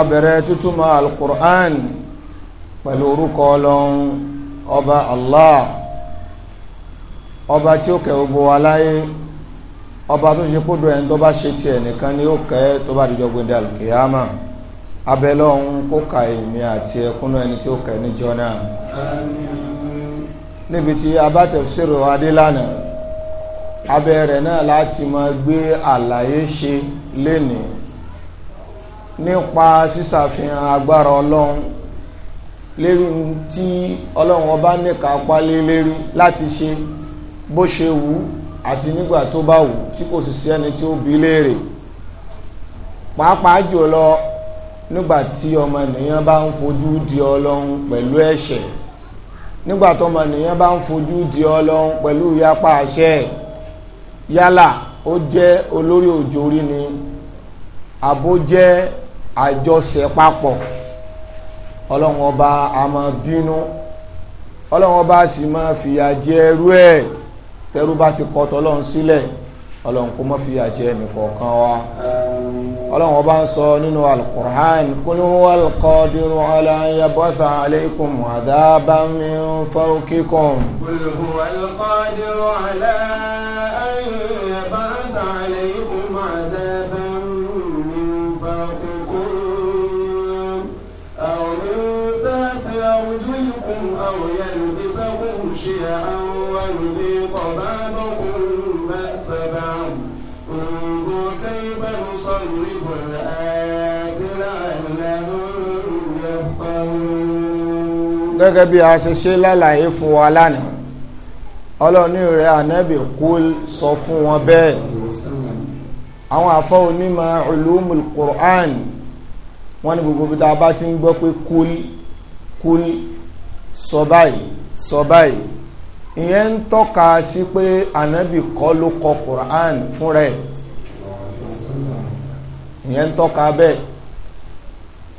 abẹ̀rẹ̀ tútúmọ̀ alukur'an pẹ̀lú orúkọ ọlọ́run ọba allah ọba tí ó kẹ gbogbo wa ọba tó ṣe kó do ẹni tó bá ṣe tiẹ̀ nìkan ni ó kẹ tó bá dijọ́ gbẹdẹ alukiyama abẹ́lẹ́ ọ̀hún kó ka èmi àti ẹkúnú ẹni tí ó kẹ́ níjọ́ náà níbi tí abátẹ̀sẹ̀rọ̀ adélànà abẹ́rẹ̀ náà láti máa gbé àlàyé ṣe lénìí nípa sísàfihàn agbára ọlọ́run lérí tí ọlọ́run ọba nìka pálé lérí láti ṣe bó ṣe wù àti nígbà tó bá wù tí kò sì sí ẹni tí ó bi léèrè pàápàá jùlọ nígbà tí ọmọ ènìyàn bá ń fojú di ọlọ́run pẹ̀lú ẹ̀ṣẹ̀ nígbà tí ọmọ ènìyàn bá ń fojú di ọlọ́run pẹ̀lú ìyapa àṣẹ yálà ó jẹ́ olórí òjòrí ni àbó jẹ́ àjọṣe papọ̀ ọlọ́run ọba a máa bínú ọlọ́run ọba sì máa fìyà jẹ ẹrú ẹ̀ tẹrú bá ti kọ́ tọ́lọ́run sílẹ̀ ọlọ́run kó má fìyà jẹ ẹnìkọ̀ọ̀kan wa ọlọ́run ọba ń sọ nínú alukur'an kul huwal qadiru ala yabatha alaykum adaban min fawqikum. kul huwal qadiru ala. gẹ́gẹ́ bí a ṣe ṣe lálàyé fún wa lánàá ọlọ́ni rẹ̀ ànábì kú sọ fún wọn bẹ́ẹ̀ àwọn àfọ́ onímọ̀ ulumul Qur'an wọ́n ní gbogbo bí ta bá ti ń gbọ́ pé kúl kúl sọ báyìí sọ báyìí ìyẹn ń tọ́ka sí pé ànábì kọ́ ló kọ Qur'an fún rẹ̀ ìyẹn ń tọ́ka bẹ́ẹ̀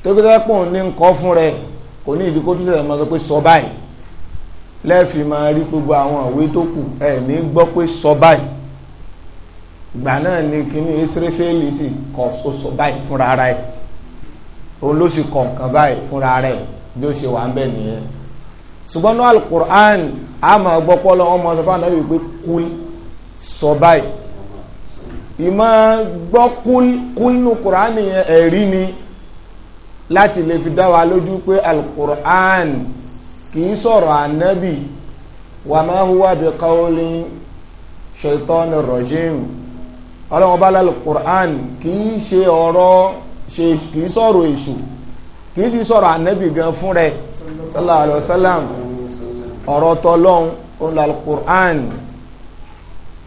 tó ní ń kọ́ fún rẹ̀ kò ní ìdí kó tún sẹ̀sẹ̀ máa sọ pé sọ báyìí lẹ́ẹ̀fì máa rí gbogbo àwọn ìwé tó kù ẹ̀ gbọ́ pé sọ báyìí ìgbà náà ni kíní Ísírẹ́fẹ́lì sì kọ̀ ó sọ báyìí fúnra ara ẹ̀ òun ló sì kọ̀ nǹkan báyìí fúnra ara ẹ̀ bí ó ṣe wà ń bẹ̀ nìyẹn ṣùgbọ́n náà alukur'an a máa gbọ́ pọ́lọ́ ọmọ sọ fún anábì pé kúl sọ báyìí ìmọ̀ gbọ́ kúl kúl nu kur'an yẹn ẹ̀rí ni láti lè fi dá wa lójú pé alukur'an kì í sọ̀rọ̀ ànábì wà máa huwa bi qawlin shaitanir rajim ọlọ́run bá alukur'an kì í ṣe ọ̀rọ̀ kì í sọ̀rọ̀ èṣù kì í sì sọ̀rọ̀ ànábì gan fún rẹ̀ sallam ọ̀rọ̀ tọ́lọ́hún ọ̀nà alukur'an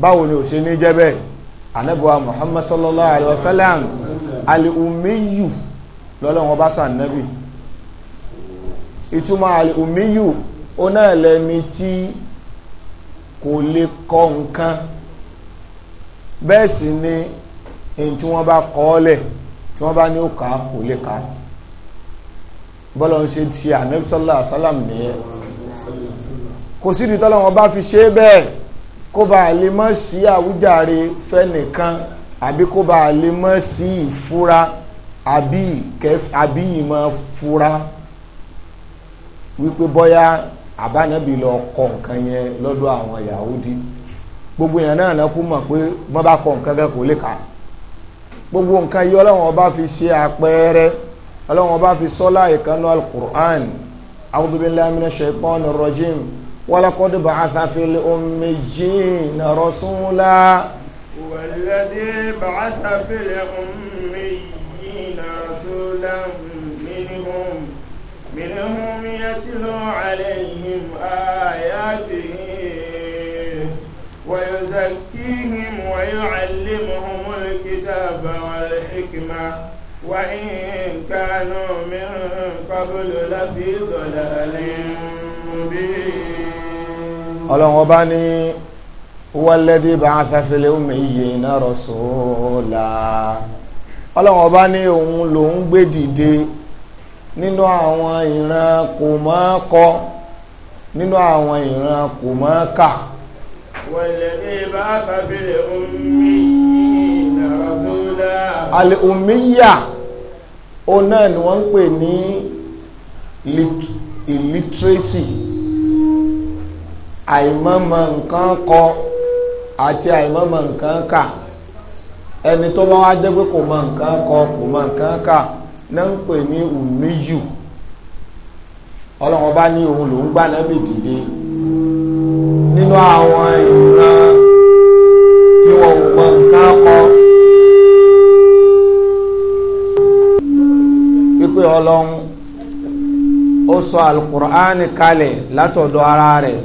báwo ni ò ṣe ní jẹ́ ànábì wa muhammad sallallahu alayhi wa sallam al lọ́lọ́wọ́n bá sàn nẹ́bì ìtumọ̀ àlùmíyù ó náà lẹ́mi tí kò lè kọ nǹkan bẹ́ẹ̀ sì ni èyí tí wọ́n bá kọ́ ọ́lẹ̀ tí wọ́n bá ní ó kà á kò lè kà á bọ́lọ̀ ń ṣe ti ànẹ́bísọ́lá sálàmù nìyẹn kò sí ìdítọ́ lọ́wọ́n bá fi ṣe bẹ́ẹ̀ kó bá lè mọ́ sí àwújáre fẹ́nìkan àbí kó bá lè mọ́ sí ìfúra àbí kẹf àbí ìmọ̀ fura wípé bọ́yá àbánábì lọ kọ nǹkan yẹn lọ́dọ̀ àwọn Yahudi gbogbo èèyàn náà lọ́kú mọ̀ pé wọ́n bá kọ nǹkan kan kò lè kà gbogbo nǹkan yìí ọlọ́run ọba fi ṣe àpẹẹrẹ ọlọ́run ọba fi sọ́lá ìkànnì al-Qur'an a'udhu billahi minash shaitanir rajim ولقد بعث في الأميين رسولا والذي بعث في رسولا منهم منهم يتلو عليهم آياته ويزكيهم ويعلمهم الكتاب والحكمة وإن كانوا من قبل لفي ضلال مبين ọlọ́run ọba ní بعث في bá رسولا ọlọ́run ọba ní òun lòun gbé dìde nínú àwọn ìran kò mọ́ kọ nínú àwọn ìran kò mọ́ kà al-ummiya ó náà wọ́n pè ní illiteracy àìmọ̀mọ̀ nǹkan kọ àti àìmọ̀mọ̀ nǹkan kà ẹni tó bá wá jẹ́ pé kò mọ nǹkan kọ kò mọ nǹkan kà náà ń pè ní ùmíyù ọlọ́run bá ní òun lòún gbà nábì dìde nínú àwọn ìran tí wọn ò mọ nǹkan kọ pípé ọlọ́run ó sọ alukur'ani kalẹ̀ látọ̀dọ̀ ara rẹ̀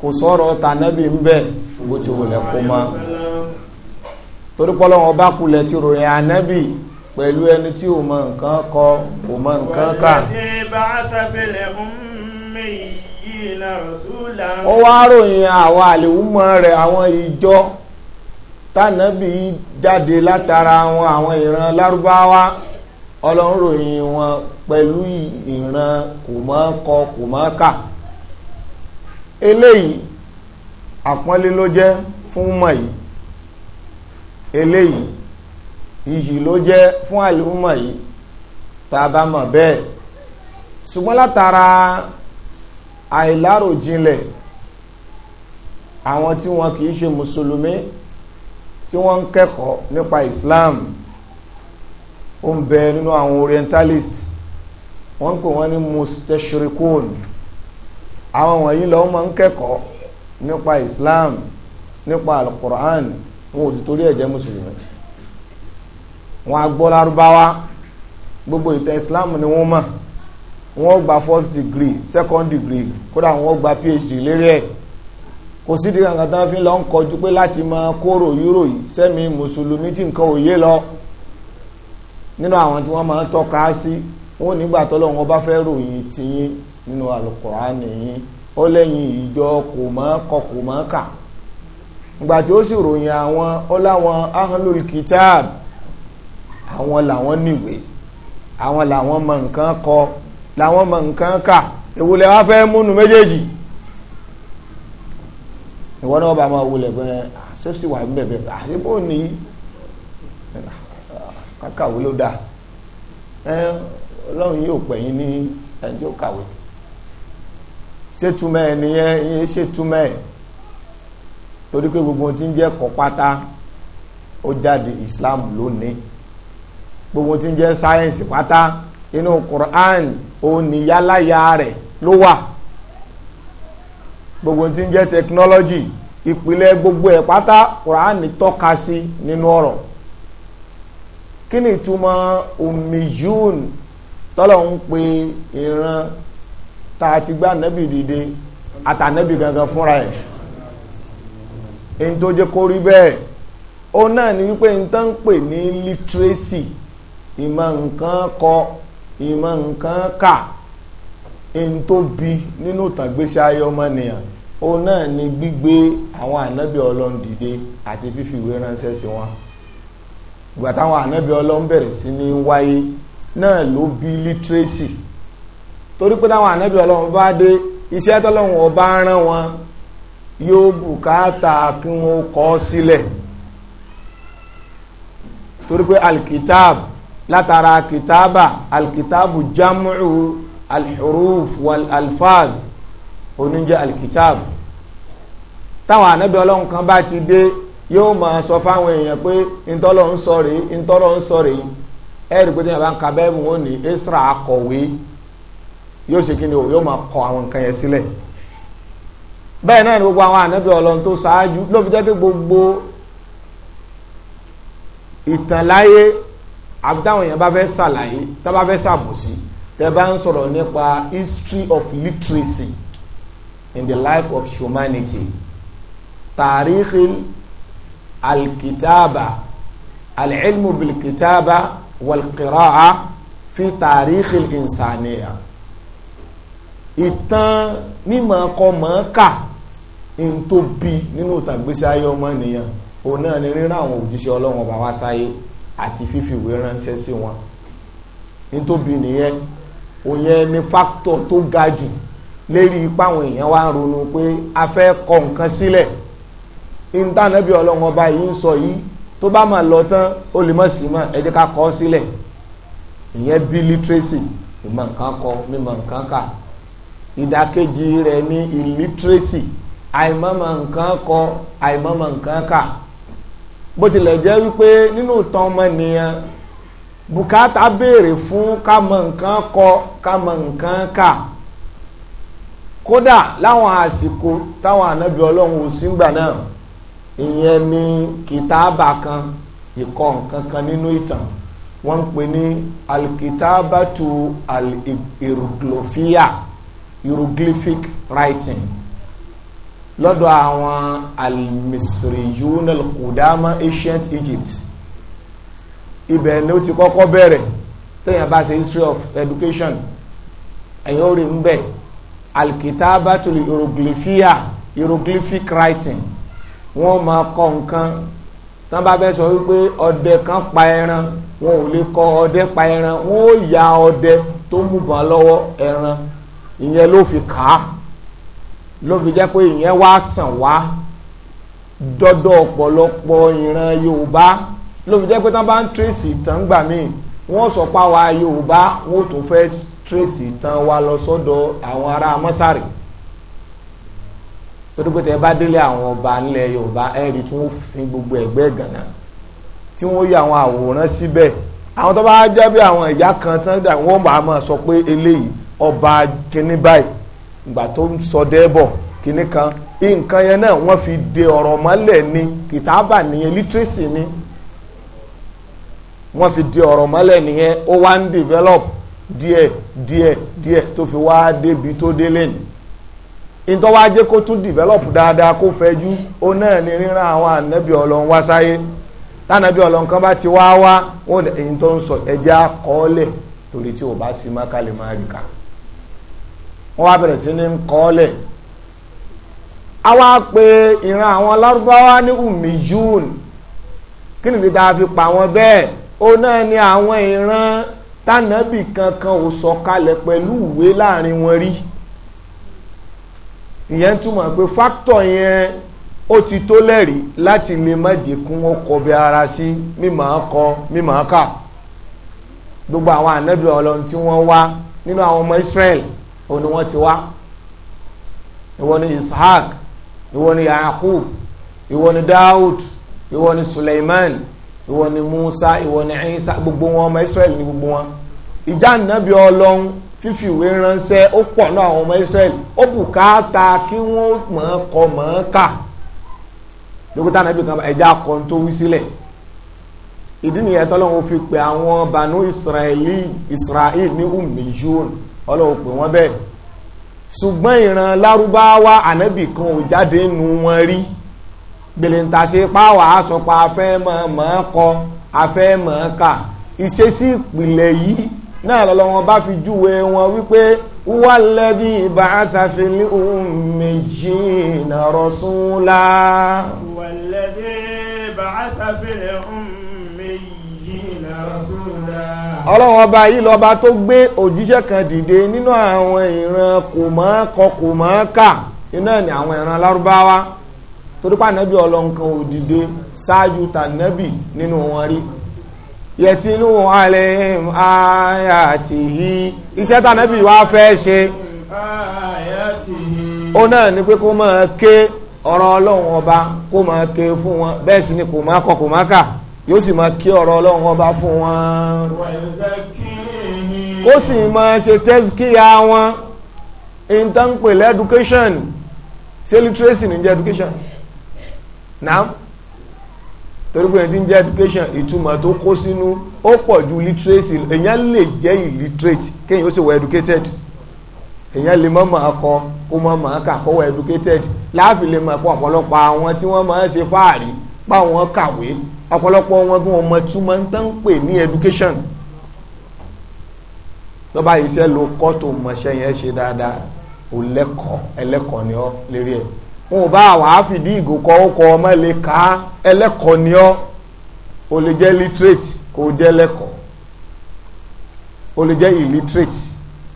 kò sọ̀rọ̀ ń bó ti torí pọ́lọ́wọ́n bá kulẹ̀ ti ròyìn ànábì pẹ̀lú ẹni tí ò mọ nǹkan kọ ò mọ nǹkan kà. ó wá ròyìn àwọn àlèwúmọ́ rẹ̀ àwọn ìjọ tànàbí jáde látara wọn àwọn ìran lárúbáwá ọlọ́run ròyìn wọn pẹ̀lú ìran kò mọ́ kọ kò mọ́ kà eléyìí àpọ́nlé ló jẹ́ fún mọ̀ yìí eléyìí iyì ló jẹ́ fún àlùmọ̀ yìí tá a bá mọ̀ bẹ́ẹ̀ ṣùgbọ́n látara àìláròjinlẹ̀ àwọn tí wọn kì í ṣe mùsùlùmí tí wọ́n ń kẹ́kọ̀ọ́ nípa Islam ó ń bẹ nínú àwọn orientalist wọ́n ń pè wọ́n ní mustashirikun àwọn wọ̀nyí lọ́wọ́ máa ń kẹ́kọ̀ọ́ nípa Islam nípa Al-Qur'an wọn ò sì torí ẹ̀ jẹ́ mùsùlùmí wọn á gbogbo ìtàn islam ni wọn mọ wọ́n gba first degree second degree kódà wọ́n gba phd lérí e kò sídìí kankan tán fi lọ ń kọjú pé láti máa kóró yúrò yìí sẹ́mi mùsùlùmí tí nǹkan ò yé lọ nínú àwọn tí wọ́n máa ń tọ́ka sí wọ́n nígbà tọ́lọ́ wọn bá fẹ́ ròyìn tiyín nínú àlùkùránì yín ó lẹ́yìn ìjọ kò mọ́ kọ kò mọ́ kà ìgbà tí ó sì ròyìn àwọn ó láwọn ahlul kitab àwọn làwọn níwèé àwọn làwọn mọ nǹkan kọ làwọn mọ nǹkan kà ìwúlẹ̀ wá fẹ́ múnu méjèèjì ìwọ náà bá máa wulẹ̀ gbẹ́rẹ́ ṣé sì wà bẹ̀bẹ̀ àti bó ní kàkàwé ló dáa ọlọ́run yóò pẹ̀yìn ní ẹni tí ó kàwé ṣètúmẹ̀ ẹ̀ nìyẹn ṣètúmẹ̀ ẹ̀ torí pé gbogbo tí ń jẹ́ kọ́ ó jáde Islam lónìí gbogbo tí ń jẹ́ sáyẹ́nsì pátá inú Quran oníyáláyà rẹ̀ ló wà gbogbo tí ń jẹ́ technology ìpìlẹ̀ gbogbo ẹ̀ pátá Quran tọ́ka sí nínú ọ̀rọ̀ kí ni ìtumọ̀ omiyun tọ́lọ̀ ń pe ìran tá a ti gbá nẹ́bì dìde àtànẹ́bì gangan fúnra ẹ̀ in tó jẹ́ kó rí bẹ́ẹ̀ ó náà ni wípé n tán pè ní literacy ìmọ̀ nǹkan kọ ìmọ̀ nǹkan kà in tó bi nínú ìtàgbésí ayé ọmọnìyàn ó náà ni gbígbé àwọn ànábì ọlọ́run dìde àti fífi ìwé ránṣẹ́ sí wọn ìgbà táwọn ànábì ọlọ́run bẹ̀rẹ̀ sí ní wáyé náà ló bí literacy torí pé táwọn ànábì ọlọ́run bá dé iṣẹ́ tọ́lọ́run ọba rán wọn yóò bùkátà kí wọ́n kọ sílẹ̀ torí pé alkitab látara kitaba alkitabu jamu alhuruf wal alfad oníjẹ alkitab táwọn ànábì ọlọ́run kan bá ti dé yóò máa sọ fáwọn èèyàn pé ntọ́lọ́ ń sọ rèé ntọ́lọ́ ń sọ rèé ẹ̀rí pé tíyàbá ń ka bẹ́ẹ̀ mú ní Isra akọ̀wé yóò ṣe kí ni o yóò máa kọ àwọn nǹkan yẹn sílẹ̀. Si bẹ́ẹ̀ náà ni gbogbo àwọn ànábì ọlọ́run tó ṣáájú ló fi jẹ́ pé gbogbo ìtànláyé àbúdáwọn èèyàn bá fẹ́ ṣàlàyé tá bá fẹ́ ṣàbòsí tẹ́ bá ń sọ̀rọ̀ nípa history of literacy in the life of humanity tàríkì alkitaba alilmu bilkitaba walqiraa fi tàríkì insaniya ìtàn mímọ̀ ọkọ̀ mọ̀ọ́kà in tó bí nínú ìtàgbésí ayé ọmọ ènìyàn òun náà ni rírán àwọn òjíṣẹ́ ọlọ́run ọba wá sáyé àti fífi ìwé ránṣẹ́ sí wọn in tó bí nìyẹn òun ni fáktọ̀ tó ga jù lérí ipá àwọn èèyàn wá ń ronú pé a fẹ́ kọ nǹkan sílẹ̀ ìntànẹ́bí ọlọ́run ọba yìí ń sọ yìí tó bá máa lọ tán ó lè mọ̀ sí mọ̀ ẹ jẹ́ ká kọ́ sílẹ̀ ìyẹn bí literacy ìmọ̀ nǹkan kọ mímọ̀ nǹkan kà ìdàkejì rẹ̀ ní illiteracy àìmọ̀mọ̀ nǹkan kọ àìmọ̀mọ̀ nǹkan kà bó tilẹ̀ jẹ́ wípé nínú tán ọmọnìyàn bùkátà béèrè fún ká mọ̀ nǹkan kọ ká mọ̀ nǹkan kà kódà láwọn àsìkò táwọn ànábì ọlọ́run ò sígbà náà ìyẹn ni kìtàbà kan ìkọ nǹkan kan nínú ìtàn wọ́n ń pè ní alkitabatu al-iruglofia hieroglyphic writing lọ́dọ̀ àwọn al-Misriyun kudama qudama ancient Egypt ibẹ̀ ni ó ti kọ́kọ́ bẹ̀rẹ̀ téèyàn bá ṣe history of education ẹ̀yìn ó rí ń bẹ̀ al hieroglyphia hieroglyphic writing wọ́n máa kọ nǹkan tán bá fẹ́ sọ wípé ọdẹ kan pa ẹran wọn ò lè kọ ọdẹ pa ẹran wọn ó ya ọdẹ tó mú bọn lọ́wọ́ ẹran ìyẹn ló fi kàá ló fi jẹ́ pé ìyẹn wá sàn wá dọ́dọ̀ ọ̀pọ̀lọpọ̀ ìran yorùbá ló fi jẹ́ pé tán bá ń tírèsì ìtàn gbà míì wọ́n sọ pa wa yorùbá wọ́n tó fẹ́ tírèsì ìtàn wa lọ sọ́dọ̀ àwọn ará mọ́sàrì torí pé tẹ bá délé àwọn ọba nílẹ̀ yorùbá ẹ̀rí tí wọ́n fi gbogbo ẹ̀gbẹ́ gànà tí wọ́n yọ àwọn àwòrán síbẹ̀ àwọn tó bá jẹ́ bí àwọn ìyá kan tán dà wọ́n máa sọ pé eléyìí ọba kíní báyìí ìgbà tó ń sọ dẹ́bọ̀ kìíní kan nǹkan yẹn náà wọ́n fi de ọ̀rọ̀ mọ́lẹ̀ ni kìtàbà nìyẹn lítírèsì ni wọ́n fi de ọ̀rọ̀ mọ́lẹ̀ nìyẹn ó wá ń develop díẹ̀ díẹ̀ díẹ̀ tó fi wá débi tó ni ìtọ́ wá jẹ́ kó tún develop dáadáa kó fẹjú ó náà ni ríran àwọn ànábì ọlọ́run wá sáyé tánàbí ọlọ́run ti wá wá wọ́n èyí tó ń sọ ẹja kọ́ọ́lẹ̀ torí tí ò bá sí wọ́n wá bẹ̀rẹ̀ sí ní kọ́ọ́lẹ̀ a wá pe ìran àwọn lárúbáwá ní umiyun kí nìdí tá a fi pa wọn bẹ́ẹ̀ ó náà ní àwọn ìran tánàbì kankan ò sọ̀kalẹ̀ pẹ̀lú ìwé láàrin wọn rí ìyẹn túmọ̀ pé fáktọ̀ yẹn ó ti tó lẹ́rìí láti lè má dìkún ó kọbi ara sí mímọ̀ ọkọ mímọ̀ ọkà gbogbo àwọn ànábì ọlọ́run tí wọ́n wá nínú àwọn ọmọ Israẹli òun ni wọ́n ti wá ìwọ ni ishaq ìwọ ni yaqub ìwọ ni daud ìwọ ni suleiman ìwọ ni musa ìwọ ni isa gbogbo wọn ọmọ israel ni gbogbo wọn ìjà nàbí ọlọ́run fífi ìwé ránṣẹ́ ó pọ̀ náà àwọn ọmọ israel ó bùkátà kí wọ́n mọ̀ ọ́n kọ mọ̀ ọ́n kà dókítà nàbí kan ẹ̀já kan tó wí sílẹ̀ ìdí nìyẹn tọ́lọ́run fi pè àwọn banu israeli israel ní ummiyun ọlọ́run pè wọ́n bẹ́ẹ̀ ṣùgbọ́n ìran lárúbáwá ànábì kan ò jáde nu wọn rí gbèlèǹtàṣe páwà àsọpọ̀ afẹ́mọ̀ mọ̀ kọ afẹ́mọ̀ kà ìṣesí ìpìlẹ̀ yìí náà lọ́lọ́wọ́n bá fi júwe wọn wípé wà lẹ́dí ìbá àtàfi ní ohun méjì náà súnlá. wà lẹ́dí ìbá àtàfi ní ohun méjì ọlọ́run ọba yìí lọ́ba tó gbé òjíṣẹ́ kan dìde nínú àwọn ìran kò mọ́ kọ kò mọ́ kà iná ni àwọn ìran lárúbáwá torí pa ànábì ọlọ́run kan ò dìde ṣáájú tànábì nínú wọn rí yẹtínú alẹ́ ayatihi iṣẹ́ tànábì wá fẹ́ ṣe ó náà ni pé kó máa ké ọ̀rọ̀ ọlọ́run ọba kó máa ké fún wọn bẹ́ẹ̀ sì ni kò má kọ kò má kà yóò sì máa kí ọ̀rọ̀ ọlọ́run ọba fún wọn ó sì máa ṣe tẹ́síkíyà wọn in tó ń pèlè education ṣé literacy ní jẹ́ education náà torí pé ti jẹ́ education ìtumọ̀ tó kó sínú ó pọ̀ ju literacy èèyàn lè jẹ́ illiterate kéèyàn ó sì wọ educated èèyàn lè mọ̀ máa kọ kó mọ̀ máa kà wọ educated láàfin lè máa kọ ọ̀pọ̀lọpọ̀ àwọn tí wọ́n máa ṣe fáàrí báwọn kàwé ọ̀pọ̀lọpọ̀ wọn gún ọmọ túmọ̀ ń tán pè ní education tó bá iṣẹ́ lo kọ́ tó mọṣẹ́ yẹn ṣe dáadáa ò lẹ́kọ̀ọ́ ẹlẹ́kọ̀ọ́ ni ọ́ lérí ẹ̀ wọn ò bá wàá fìdí ìgò kọ́ ó kọ́ ọmọ lè ká ẹlẹ́kọ̀ọ́ ni ọ́ o lè jẹ́ literate kó o jẹ́ lẹ́kọ̀ọ́ o lè jẹ́ illiterate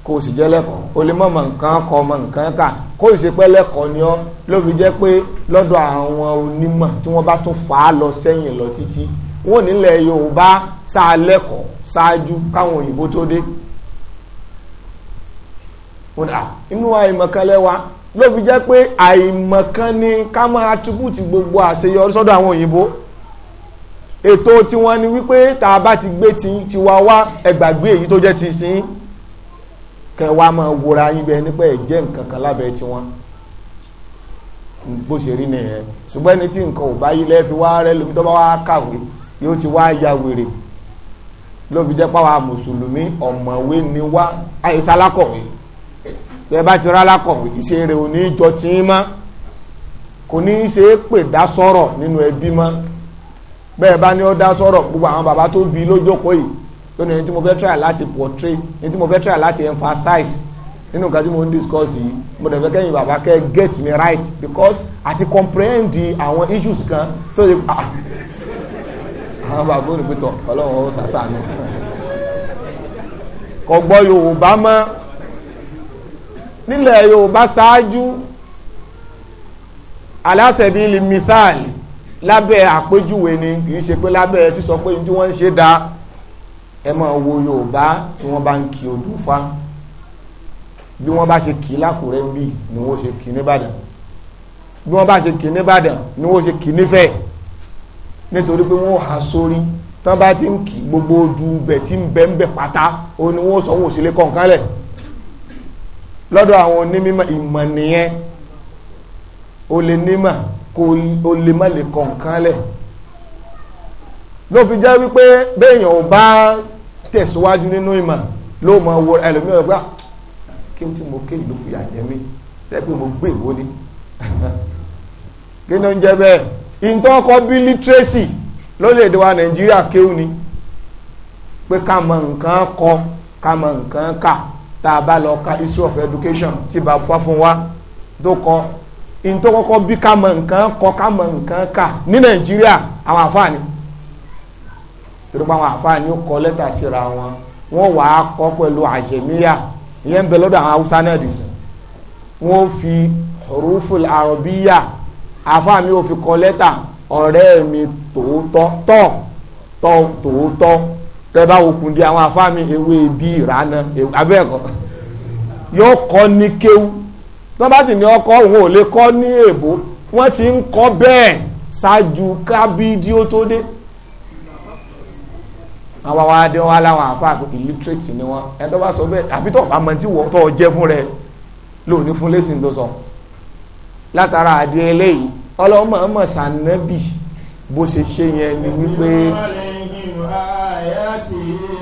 kó o sì jẹ́ lẹ́kọ̀ọ́ o lè mọ̀ mọ̀ nǹkan kọ́ mọ̀ nǹkan kà kó o sì pẹ́ lẹ́kọ̀ọ́ ni ọ́ ló fi jẹ́ pé lọ́dọ̀ àwọn onímọ̀ tí wọ́n bá tún fà á lọ sẹ́yìn lọ títí wọ́n nílẹ̀ Yorùbá sáálẹ́kọ̀ọ́ ṣáájú káwọn òyìnbó tó dé inú àìmọ̀kànlẹ̀ wa ló fi jẹ́ pé àìmọ̀kàn ni ká máa attribute gbogbo àṣeyọrí sọ́dọ̀ àwọn òyìnbó ètò tiwọn ni wípé tá a bá ti gbé tiwa wá ẹgbàgbé èyí tó jẹ́ ti sìn kẹwàá máa wòra yín bẹ nípa ẹ̀jẹ̀ nǹkan kan lábẹ́ tiwọn bó ṣe rí nìyẹn ṣùgbọ́n ẹni tí nǹkan ò bá yí lẹ́ẹ̀fi wá rẹ lómi tó bá wá kàwé yóò ti wá ya wèrè lóbi jẹ́ pàwọ́ mùsùlùmí ọ̀mọ̀wé ni wá àyíṣà alákọ̀wé bẹ́ẹ̀ bá ti rá alákọ̀wé ìṣe rẹ̀ ò ní jọ tí ń mọ́ kò ní í ṣe é pè dá sọ̀rọ̀ nínú ẹbí mọ́ bẹ́ẹ̀ bá ní ó dá sọ̀rọ̀ gbogbo àwọn bàbá tó bí lójókòó yìí lónìí tí mo fẹ́ try láti portray ní tí mo fẹ́ try láti emphasize nínú nǹkan tí mo ń discuss yìí mo dẹ̀ fẹ́ kẹ́yìn bàbá kẹ́ get me right because àti comprehend àwọn issues kan tó ṣe ah àwọn bàbá òní pétọ ọlọ́run ó sàṣàánú kò Yorùbá mọ́ nílẹ̀ Yorùbá ṣáájú aláṣẹ̀bí lè mithal lábẹ́ àpéjúwe ni kì í ṣe pé lábẹ́ tí sọ pé tí wọ́n ń ṣe dáa ẹ máa wo Yorùbá tí wọ́n bá ń kí odò fáwọn bí wọ́n bá ṣe kì í lákùrẹ́ ń bì ni wọ́n ṣe kì í nìbàdàn bí wọ́n bá ṣe kì í nìbàdàn ni wọ́n ṣe kì í nífẹ̀ẹ́ nítorí pé wọ́n há sórí tán bá ti ń kì í gbogbo ojú bẹ̀ tí ń bẹ ń bẹ pátá òun ni wọ́n sọ wọ́n òṣèlé kọ̀ọ̀kanlẹ̀ lọ́dọ̀ àwọn onímọ̀ ìmọ̀ nìyẹn o lè nímọ̀ kó o lè má lè kọ̀ọ̀kanlẹ̀ ló fi jẹ́ wípé béèyàn ò bá tẹ̀síwájú nínú ìmọ̀ ló mọ̀ wo ẹlòmíràn pé ah, kí n tí mo kéyìí ló fi àjẹ mi lẹ́gbẹ́ mo gbé ìwó ni kí ló ń jẹ bẹ́ẹ̀ ìtọ́kọ́ bí lítírésì lórílẹ̀‐èdè wa nàìjíríà kéwù ni pé ká mọ nǹkan kọ ká mọ nǹkan kà tá a bá lọ ka history of education tí bá fọ́ fún wa tó kọ ìtọ́kọ́kọ́ bí ká mọ nǹkan kọ ká mọ nǹkan kà ní nàìjíríà àwọn àfáàní torí pé àwọn àfáàní ó kọ lẹ́tà síra wọn wọ́n wàá kọ́ pẹ̀lú àjẹmíyà ìyẹn ń bẹ lọ́dọ̀ àwọn haúsá náà dì sí wọ́n fi rúfùl àrọ̀bíyà afá mi ò fi kọ lẹ́tà ọ̀rẹ́ mi tòótọ́ tọ́ tọ́ tòótọ́ tẹ́ bá okùn di àwọn afá mi ewé bí ìrànà abẹ́ẹ̀kọ́ yóò kọ́ ní kéwú tó bá sì ní ọkọ òun ò lè kọ́ ní èbó wọ́n ti ń kọ́ bẹ́ẹ̀ ṣáájú kábídí tó dé àwọn àwọn adé wọn aláwọn àfa illiterate ni wọn ẹni tó bá sọ bẹ́ẹ̀ àfi tó àmọ́ tí wọ́n tó jẹ́ fún rẹ lónìí fún lẹ́sìn tó sọ látara adé eléyìí ọlọ́mọ ọmọ sànẹ́bì bó ṣe ṣe yẹn ni wípé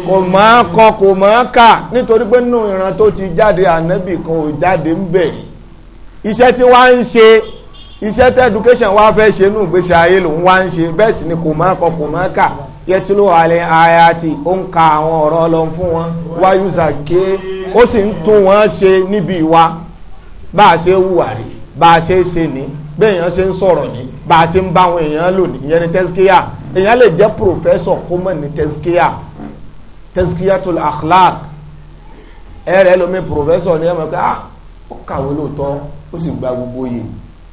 kò mọ̀ ọ́ kọ kò mọ̀ ọ́ kà nítorí pé nínú ìran tó ti jáde ànẹ́bì kan ò jáde ń bẹ̀rẹ̀ iṣẹ́ tí wá ń ṣe iṣẹ́ tí education wá fẹ́ ṣe nù gbèsè ayé lòun wá ń ṣe bẹ́ẹ̀ sì ni kò mọ̀ kọ kò mọ̀ kà yẹtulu alẹ́ ayati ó ń ka àwọn ọ̀rọ̀ ọlọ́run fún wọn wáyú zàké ó sì ń tún wọn ṣe níbi ìwà bá a ṣe hùwà rí bá a ṣe ṣe ní béèyàn ṣe ń sọ̀rọ̀ ní bá a ṣe ń bá àwọn èèyàn lò ní ìyẹn ní tẹ́síkíyà èèyàn lè jẹ́ pòfẹ́sọ̀ kó ní tẹ́síkíyà tẹ́síkíyà tó akhlaq ẹ̀rẹ́ lomi pòfẹ́sọ̀ ní ẹ̀mọ́ pé ah, ó kàwé lóòótọ́ ó sì gba gbogbo yìí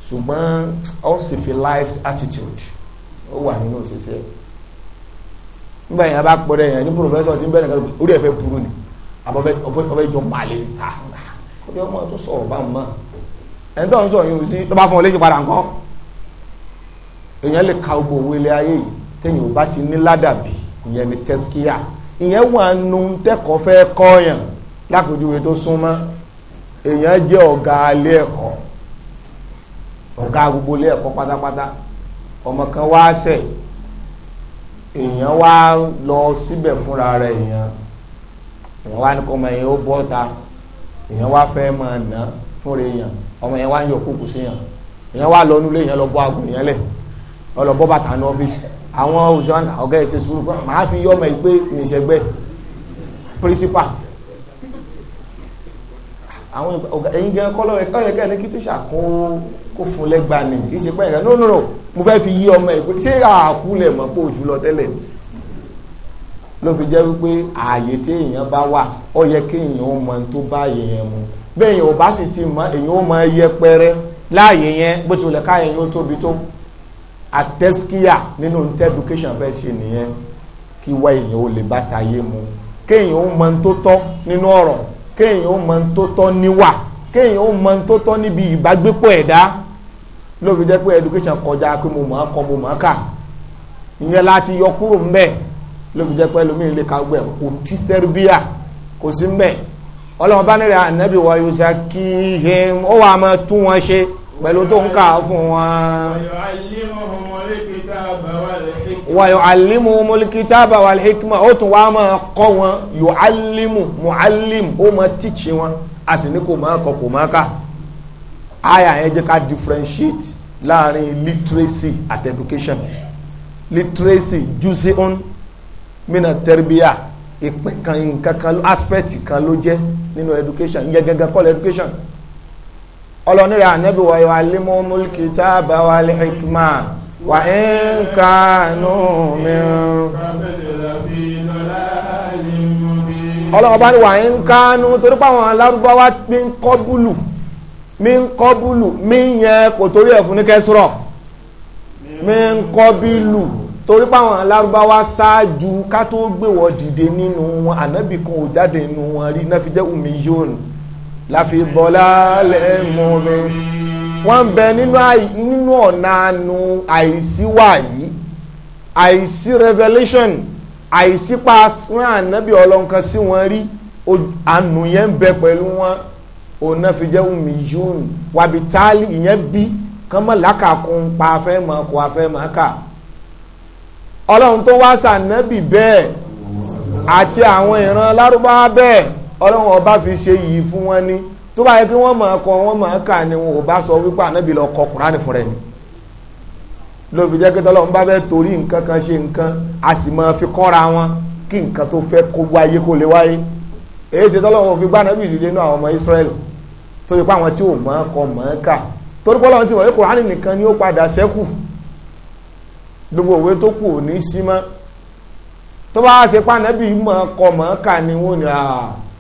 ṣùgbọ́n uncivilized attitude ó wà nínú òṣìṣẹ́ nígbà yẹn bá pọ̀ dẹ́yìn a pòfẹ́sọ̀ tí ń bẹ̀rẹ̀ nǹkan ni ọbẹ̀ jọ pàlẹ́ ọbẹ̀ ah, ọmọ tó sọ̀rọ̀ bá mọ́ ẹni tó ń sọ yìí sí tó bá fún ọ léṣe padà nǹkan èèyàn lè ka gbogbo owó ilé ayé yìí téèyàn ò bá ti ní ládàbí ìyẹn ni tẹ́síkíyà ìyẹn wà nù tẹ́kọ̀ọ́ fẹ́ kọ́ọ̀yàn tó súnmọ́ jẹ́ ọ̀gá ẹ̀kọ́ ọ̀gá gbogbo ilé ẹ̀kọ́ pátápátá ọmọ kan wá èèyàn wá lọ síbẹ̀ fúnra rẹ̀ èèyàn èèyàn wá ní kọ́ ọmọ yẹn ó bọ́ ta èèyàn wá fẹ́ máa nà fúnra èèyàn ọmọ yẹn wá ń yọ kókò sí yàn èèyàn wá lọ nílé èèyàn lọ bọ́ àgùn yẹn lẹ̀ ọlọ bọ́ bàtà ní ọ́fíìsì àwọn òṣùwọ̀n ọ̀gá ẹ̀ ṣe sùúrù fún màá fi yọ ọmọ yìí pé nìṣẹ́gbẹ́ principal àwọn ọ̀gá ẹ̀yin gan kọ́ lọ́wọ́ ẹ̀kọ́ kó fún lẹ́gba ni kì ṣe pẹ́ ìrẹ́ no no no mo fẹ́ fi yí ọmọ ẹ̀ pé ṣé àkúlẹ̀ mọ́ pé òjú lọ tẹ́lẹ̀ ni ló fi jẹ́ wípé ààyè tí èèyàn bá wà ó yẹ kí èèyàn ó mọ tó bá ààyè mu bẹ́ẹ̀ èèyàn ò bá sì ti mọ èèyàn ó mọ yẹpẹrẹ láàyè yẹn bó ti wùlẹ̀ káyẹ̀ yóò tóbi tó àtẹ́síkíyà nínú education fẹ́ ṣe nìyẹn kí wá èèyàn ó lè bá tayé mu kéèyàn ó mọ tó tọ́ nínú ọ̀rọ̀ kéèyàn ó mọ tó tọ́ níwà kéèyàn ó mọ tó tọ́ níbi ìbágbépọ̀ ẹ̀dá ló fi jẹ́ pé education kọjá pé mo mọ̀ ọ́ kọ mo mọ̀ ọ́ kà ìyẹn láti yọ kúrò ń bẹ̀ ló fi jẹ́ pé ẹlòmíì lè ka gbẹ̀ kò tí tẹ́rìbíà kò sí ń bẹ̀ ọlọ́run bá nílẹ̀ ànábì wa yusa kí he ó wàá máa tún wọn ṣe pẹ̀lú tó ń kà fún wọn. wa yu'allimuhumul kitaba wal hikma ó tún wàá máa kọ́ wọn yu'allimu mu'allim ó máa tíìchì wọn a sì ní kò máa kọ kò máa kà àyà yẹn jẹ́ ká differentiate láàrin literacy àti education literacy jùsí on mina terbiya ìpín kan nǹkan kan aspect kan ló jẹ́ nínú education ìyẹn gẹ́gẹ́ kọ́ education ọlọ́nìrẹ́ ànábì wa yọ alimọ́múl kìtàbà wa lẹ́hìkìmá wà ń kánú mi. ọlọ́wọ́ bá ní wà ń kánú torí pé àwọn alárúbáwá gbé ń kọ́ búlù min kọbulu min yẹn kò torí ẹ̀ fún ní kẹsìrọ̀ min kọbílù torí páwọn alárúbáwá ṣáájú ká tó gbé wọ́n dìde nínú wọn ànábì kan ò jáde nínú wọn rí náà fi jẹ́ omi yóòn láfi bọ́lá lẹ́mú mi wọ́n ń bẹ nínú ọ̀nà àánú àìsí wà yìí àìsí revelation àìsí pa ànábì ọlọ́nkan sí wọn rí àánú yẹn ń bẹ pẹ̀lú wọn. Ona náà fi jẹ́ omi yún wàbí táálì ìyẹn bí kánmọ́ làkàkún pa afẹ́ mọ́ kó afẹ́ mọ́ kà ọlọ́run tó wá sànẹ́bì bẹ́ẹ̀ àti àwọn ìran lárúbáwá bẹ́ẹ̀ ọlọ́run ọba fi ṣe yìí fún wọn ní tó bá yẹ kí wọ́n mọ̀ ọkọ wọn mọ̀ ọ́kà ni wọn ò bá sọ wípé ànábì lọ kọ kùránì fún rẹ̀ ni ló fi jẹ́ kí tọ́lọ́run bá fẹ́ torí nǹkan kan ṣe nǹkan a sì máa fi kọ́ra wọn kí nǹkan tó fẹ́ kó wáyé kó lè wáyé èyí ṣe tọ́lọ́run ò fi gbá ànábì dìde nínú àwọn ọmọ Israẹli torí pé àwọn tí ò mọ̀ kọ mọ̀ kà torí pé ọlọ́run ti wọ̀nyí kùránì nìkan ni ó padà sẹ́kù gbogbo òwe tó kù ò ní sí mọ́ tó bá ṣe pànẹ́bí mọ̀ kọ mọ̀ kà ni wọ́n ní àà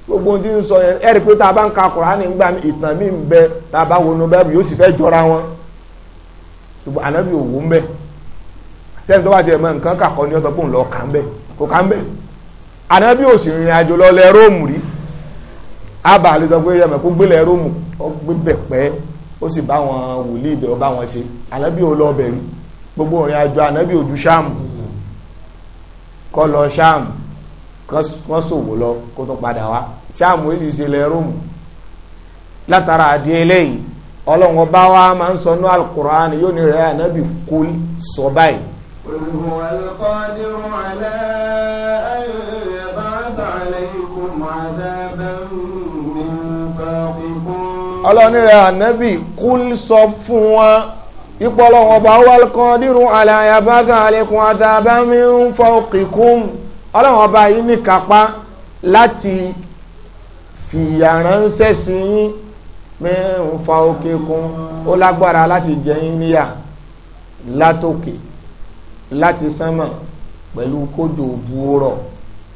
gbogbo ohun tí ń sọ yẹn ẹ̀rí pé tá a bá ń ka kùránì ń gbà mí ìtàn mi ń bẹ tá a bá wọnú bẹ́ẹ̀ yóò sì fẹ́ jọra wọn ṣùgbọ́n ànábì òwò ń bẹ sẹ́ni tó bá tiẹ̀ mọ̀ nǹkan kà ni ọ̀tọ̀ ábà lè sọ pé ẹ̀mẹ̀ kó gbélé róòmù ó gbé bẹ̀pẹ́ ó sì bá wọn wòlíì ibẹ̀ ó bá wọn ṣe ànábì ò lọ bẹ̀rí gbogbo ìrìn àjò ànábì ojú ṣáàmù kọ́ lọ ṣáàmù kọ́ sòwò lọ kó tún padà wá ṣáàmù èsì ṣe lẹ róòmù látara àdé eléyìí ọlọ́run ọba wa máa ń sọ ní alukur'an yóò ní rẹ̀ ànábì kú sọ báyìí. olùwọ̀ alukọ́ dirun alẹ́ ayọ̀ yẹ̀ bá bàálẹ̀ ikú mọ̀ ọlọ́ni rẹ̀ ànábì kúl sọ fún wọn ìpọlọ́wọ́ bá wọ́lọ́kan dírun aláyàbáta alẹ́kùn àtàbámi ń fọ́ kíkún ọlọ́wọ́ bá yìí ní kápá láti fìyà ránṣẹ́ sí yín mẹ́rin fa òkè kún ó lágbára láti jẹ níyà látòkè láti sánmà pẹ̀lú kójò búrọ̀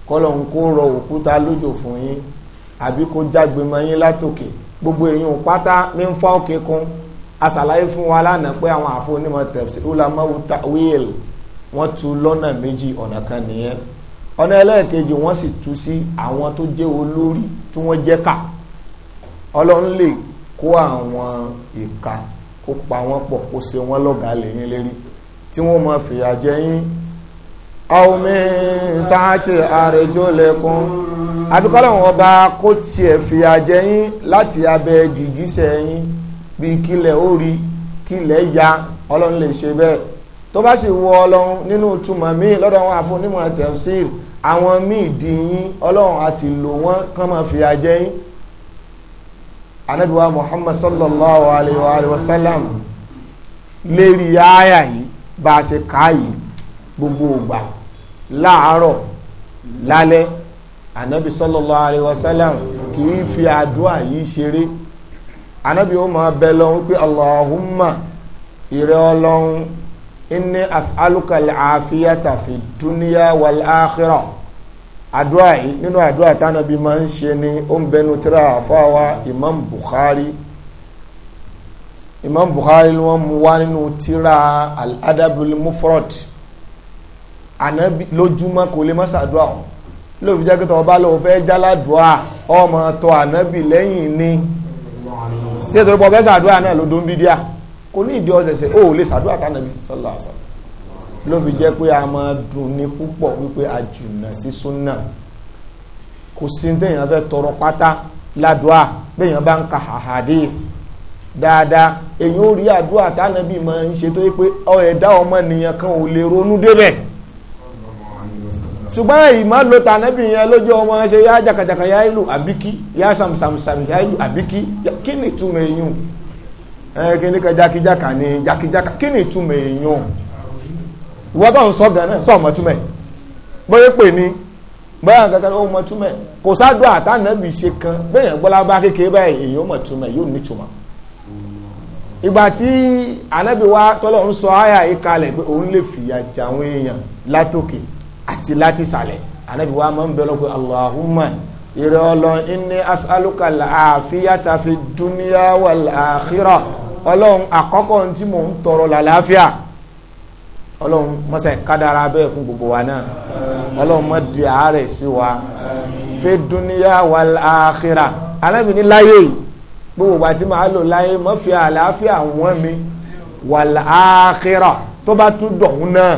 kọ́lọ̀ ń kó rọ òkúta lójò fún yín àbí kó jágbe mọ́ yín látòkè gbogbo èèyàn pátá mi ń fọ́ òkè kún asàlàyé fún wa lánàá pé àwọn àfọ onímọ̀ tẹ̀sí ulama wíìl wọ́n tú lọ́nà méjì ọ̀nà kan nìyẹn ọ̀nà ẹlẹ́ẹ̀kejì wọ́n sì tú sí àwọn tó jẹ́ olórí tí wọ́n jẹ́ kà ọlọ́run lè kó àwọn ìka kó pa wọ́n pọ̀ kó ṣe wọ́n lọ́gàá lẹ́yìn lérí tí wọ́n máa fìyà jẹ aw min taati arjulikum àbí kọ́lọ́hún ọba kó tiẹ̀ fìyà jẹ yín láti abẹ́ gìgísẹ̀ yín bí kílẹ̀ ó rí kílẹ̀ ya ọlọ́run lè ṣe bẹ́ẹ̀ tó bá sì wọ ọlọ́run nínú túmọ̀ míì lọ́dọ̀ àwọn àfún onímọ̀ tafsir àwọn míì dì yín ọlọ́run a sì lò wọ́n kán máa fìyà jẹ yín anabiwa muhammad sallallahu alayhi wa sallam lérí àyà yìí bá a ṣe ká yìí gbogbo ògbà láàárọ̀ lálẹ́ anabi sallallahu alayhi wa sallam kì í fi àdúrà yìí ṣeré anabi ó máa bẹ lọ́hún pé allahumma ìrẹ́ ọlọ́hún inni as'aluka al-afiyata fi dunya wal akhirah àdúrà yìí nínú àdúrà tánàbí máa ń ṣe ni ó ń bẹnu tíra àfáwa imam bukhari imam bukhari ni wọ́n mú wá nínú tíra al-adabul mufrad ànábì lójúmọ́ kò lè má ṣàdúrà òun ló fi jẹ́ kí tọ́ ọba lóun fẹ́ jáládùá ọmọ tọ ànábì lẹ́yìn ni ṣé torí pọ̀ fẹ́ ṣàdúrà náà ló dún bídíà kò ní ìdí ọ̀sẹ̀sẹ̀ ó lè ṣàdúrà kánàbì sọ́lá ọ̀sán ló fi jẹ́ pé a máa dùn ní púpọ̀ wípé a jùnà sí súnà kò sí téèyàn fẹ́ tọrọ pátá ládùá béèyàn bá ń ka àhàdé dáadáa èyí ó rí àdúrà tánàbì máa ń ṣe tó yẹ pé ẹ̀dá ọmọ nìyẹn kan ò ṣùgbọ́n ìmọ̀ ló ta nẹ́bì yẹn lójú ọmọ ṣe yá jàkàjàkà yá ìlú àbíkí yá sàmùsàmùsàmù yá ìlú àbíkí kí ni ìtumọ̀ èèyàn ẹ kí ni jákèjáka ni jákèjáka kí ni ìtumọ̀ èèyàn ìwọ́n tó ń sọ gan náà sọ ọmọ túmọ̀ bóyá pè ní bóyá kankan ó mọ túmọ̀ kò sádùn àtànàbì ṣe kan bẹ́ẹ̀ gbọ́lá bá kékeré báyìí èèyàn mọ̀ túmọ̀ yóò ní túmọ̀ ìgbà tí ànábì wa ń sọ áyà yìí kalẹ̀ pé òun lè fìyà jẹ àwọn èèyàn látòkè àti láti sàlẹ̀ anabi wa máa ń bẹ lọ́kọ̀ Allahumma ìrẹ́ ọlọ́run inni as'aluka al-afiyata fi dunya wal akhirah ọlọ́run àkọ́kọ́ tí mò ń tọrọ làlàáfíà ọlọ́run mọ́sẹ̀ kádàrá bẹ́ẹ̀ fún gbogbo wa náà ọlọ́run má di àárẹ̀ sí wa fi dunya wal akhirah anabi ní láyé gbogbo àti màá lò láyé má fi àlàáfíà wọ́n mi wal akhirah tó bá tún dọ̀hún náà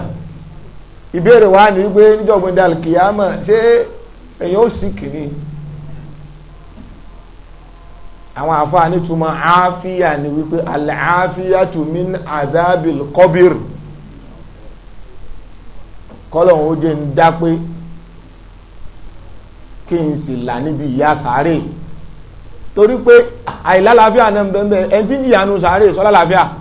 ìbéèrè wa ni wípé níjọ̀gbọ́n dal kìyàmà ṣé èyàn ó sì kìíní àwọn àfáà nítumọ̀ àáfíà ni wípé àlàáfíà tùmí àdábìl kọ́bìr kọ́lọ̀hún ó jẹ́ ń dápé kí n sì là níbi ìyà sáré torí pé àìlálàáfíà náà ń bẹ́ẹ̀ ẹni tí ń jìyà nu sáré sọ́lálàáfíà. So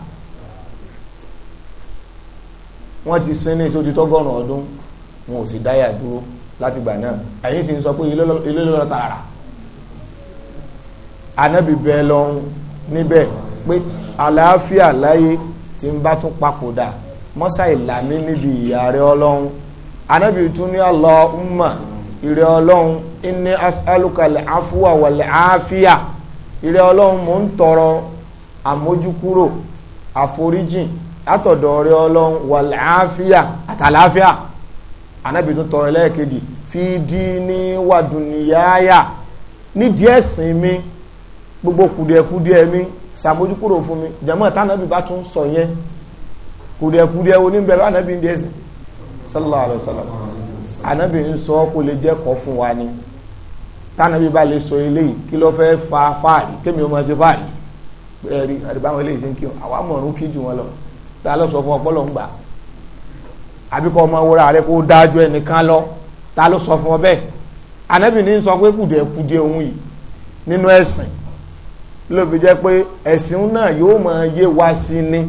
wọ́n ti sin ní ìṣojú tọ́gọ́rùn ọdún wọn ò sì dáyà dúró láti gbà náà ẹ̀yìn sì ń sọ pé ilé lọ́lọ́ tààrà anábì bẹ́ẹ̀ lọ́hún níbẹ̀ pé àlàáfíà láyé tí ń bá tún papòdà mọ́sá ìlàmí níbi ìyá rẹ ọlọ́hun anábì tún ní Allahumma ìrẹ́ ọlọ́hun inni as'alukalẹ̀ afuwa wàlẹ̀ àáfíà ìrẹ́ ọlọ́hun mò ń tọrọ àmójúkúrò àforíjìn látọ̀dọ̀ rẹ ọlọ́run wàlááfíà àtàláfíà anábì tún tọrọ ẹlẹ́ẹ̀kejì fi dí ní wàdùnìyáyà nídìí ẹ̀sìn mi gbogbo kùdìẹ̀kùdìẹ̀ mi ṣàmójúkúrò fún mi jẹ́mọ́ tánábì bá tún sọ yẹn kùdìẹ̀kùdìẹ̀ oníbẹ̀rẹ̀ anábì ń dẹ́sìn sallallahu anábì ń sọ kó lè fún wa ni tánábì bá lè sọ eléyìí kí ló fẹ́ fa fáàrí kémi ó máa ṣe àdìbáwọn eléyìí ṣe ń kí wọn àwa kí wọn lọ ta ló sọ fún ọpọlọ ń gbà àbí kọ́ ọmọ wúra rẹ kó dájú ẹnìkan lọ ta ló sọ fún ọ bẹ́ẹ̀ ànábì ní sọ pé kùdìẹ̀kùdìẹ̀ òun yìí nínú ẹ̀sìn ló fi jẹ́ pé ẹ̀sìn náà yóò máa yé wa sí ni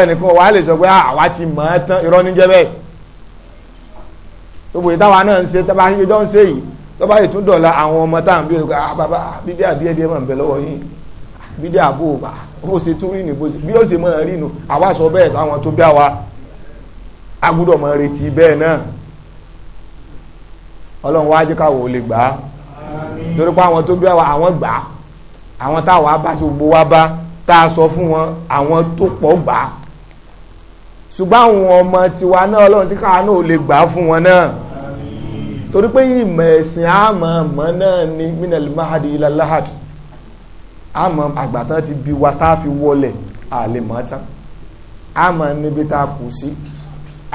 ẹnìkan wàá lè sọ pé ah, àwa ti mọ̀ ẹ́ tán irọ́ níjẹ́ bẹ́ẹ̀ gbogbo ìtawà náà ń ṣe tábà yíjọ́ ń ṣe yìí tọ́ba yìí tún dọ̀la àwọn ọmọ táwọn bí ó ah, sọ pé bíbí àbí ẹbí ẹ̀ máa ń bẹ lọ́wọ́ yín bíbí àbó bàá bó ṣe tún rí ni bó ṣe bí ó ṣe máa rí nu àwa sọ bẹ́ẹ̀ sáwọn tó bí àwa a gbọ́dọ̀ máa retí bẹ́ẹ̀ náà ọlọ́run wá jẹ́ káwọ́ ò lè gbà á torí pé àwọn tó bí àwa àwọn gbà á àwọn táwa bá ṣe gbogbo wa bá tá a sọ fún wọn àwọn tó pọ̀ gbà á ṣùgbọ́n àwọn ọmọ tiwa náà ọlọ́run tí káwa náà ò lè gbà á fún wọn náà torí pé ìmọ̀ ẹ̀sìn àmọ̀ ọmọ náà ni mínàlì máhàdì ilà láhàdì àmọ́ àgbàtán ti bí wa tá a fi wọlẹ̀ àlè mọ́ tán àmọ́ níbi tá a kù sí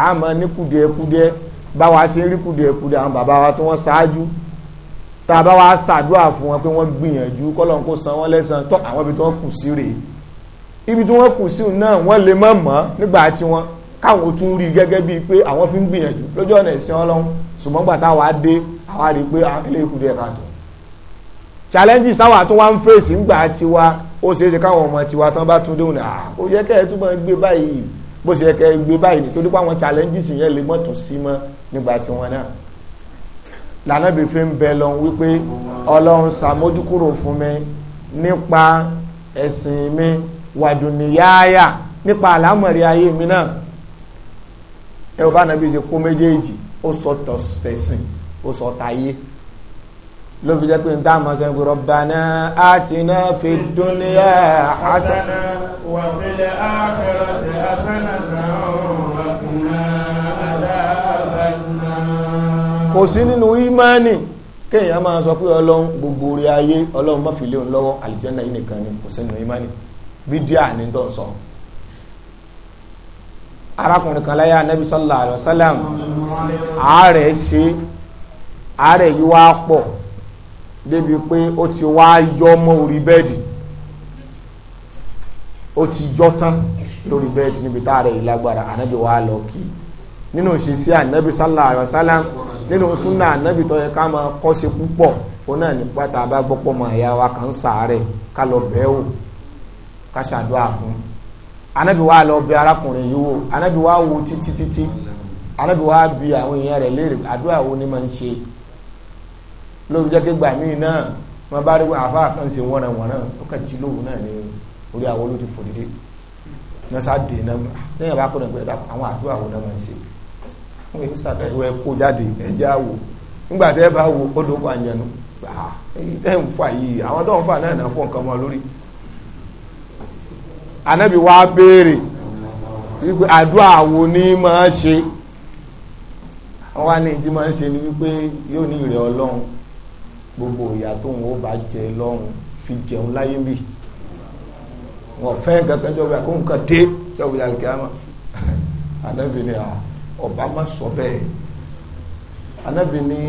àmọ́ ní kùdìẹ̀kùdìẹ̀ báwa ṣe rí kùdìẹ̀kùdìẹ̀ àwọn bàbá wa tí wọ́n ṣáájú tá a bá wa ṣàdúrà fún wọn pé wọ́n gbìyànjú kọ́lọ́n kó san wọ́n lẹ́sàn tọ́ àwọn ibi tí wọ́n kù sí rèé ibi tí wọ́n kù sí náà wọ́n lè mọ̀ mọ́ nígbà tí wọ́n káwọn tún rí gẹ́gẹ́ bíi pé àwọn fi ń gbìyànjú lójú ọ̀nà ìsìn ọlọ́run ṣùgbọ́n gbà táwa dé àwa rí i pé ilé ah, ìkùdìẹ̀ kan challenges táwa tó wá ń fèsì ńgbà tiwa ó ṣe é ṣe káwọn ọmọ tiwa tán bá tún déhùn náà ah, ó yẹ kẹ́ ẹ túbọ̀ gbé báyìí bó ṣe yẹ kẹ́ ẹ gbé báyìí nítorí pé àwọn challenges yẹn lè mọ̀tún sí mọ́ nígbà tiwọn náà lànà bí fi ń bẹ lọ́n wípé ọlọ́run ṣàmójúkúrò fún mi nípa ẹ̀sìn mi wàdùnníyáyà nípa àlámọ̀rí ayé mi náà ẹ ò bá nàbí ṣe kó méjèèjì ó sọ tọ̀sẹ̀sìn ó sọ tayé ló fi jẹ́ pé nta máa sọ pé Rabbana atina fid dunya hasana wa fil akhirati hasana wa qina adhaban nar. kò sí nínú ìmánì kéèyàn máa sọ pé ọlọ́run gbogbo orí ayé ọlọ́run má fi lé òun lọ́wọ́ àlìjẹ́nà yìí nìkan ni kò sínú ìmánì bídíà ní tó ń sọ arákùnrin kan láyé anabi sallallahu alaihi wasallam àárẹ̀ ṣe àárẹ̀ yìí wá pọ̀ débi pé ó ti wá yọ́ mọ́ orí bẹ́ẹ̀dì ó ti yọ́ tán lórí bẹ́ẹ̀dì níbi tá rẹ̀ ìlágbára ànábì wa lọ kí nínú ìṣesí ànábì sallallahu alaihi wasallam nínú súnà ànábì tó yẹ ká máa kọ́ ṣe púpọ̀ ó náà ní pátá bá gbọ́pọ̀ mọ́ ẹ̀yà wa kàn ń sàárẹ̀ ká lọ bẹ́ẹ̀ wò ká ṣàdúrà fún ànábì wa lọ bẹ̀ arákùnrin yìí wò ànábì wa wò títí títí ànábì wa bi àwọn èèyàn rẹ̀ léèrè àdúrà wo ni máa ń ṣe lórí jẹ́ kí gbàmí náà wọ́n bá rí wọn àfa kan sí wọ́n náà wọ́n náà ó kàn jí lóhùn náà ní orí àwọn olóòtú fòdìdí náà sá dè náà lẹ́yìn bá kó náà gbé àwọn àdúrà wọn náà máa ń ṣe wọ́n yìí sàtẹ̀ ìwé kó jáde ẹ̀jẹ̀ àwò nígbà tẹ́ bá wo ó dókò àjẹnu ẹ̀ ń fà yìí àwọn tó ń fà náà náà fọ́ nǹkan mọ́ lórí anabi wa béèrè wípé àdúrà wo ni máa ṣe wọ́n wá ní ìdí máa ń ṣe ni wípé yóò ní ìrẹ̀ ọlọ́run gbogbo ìyà tó ń wò bá jẹ lọ́rùn fi jẹun láyé bì wọn fẹ́ kankan jọba kó nǹkan dé jọba ìyá kìámà anabi ni ọba má sọ bẹ́ẹ̀ anabi ni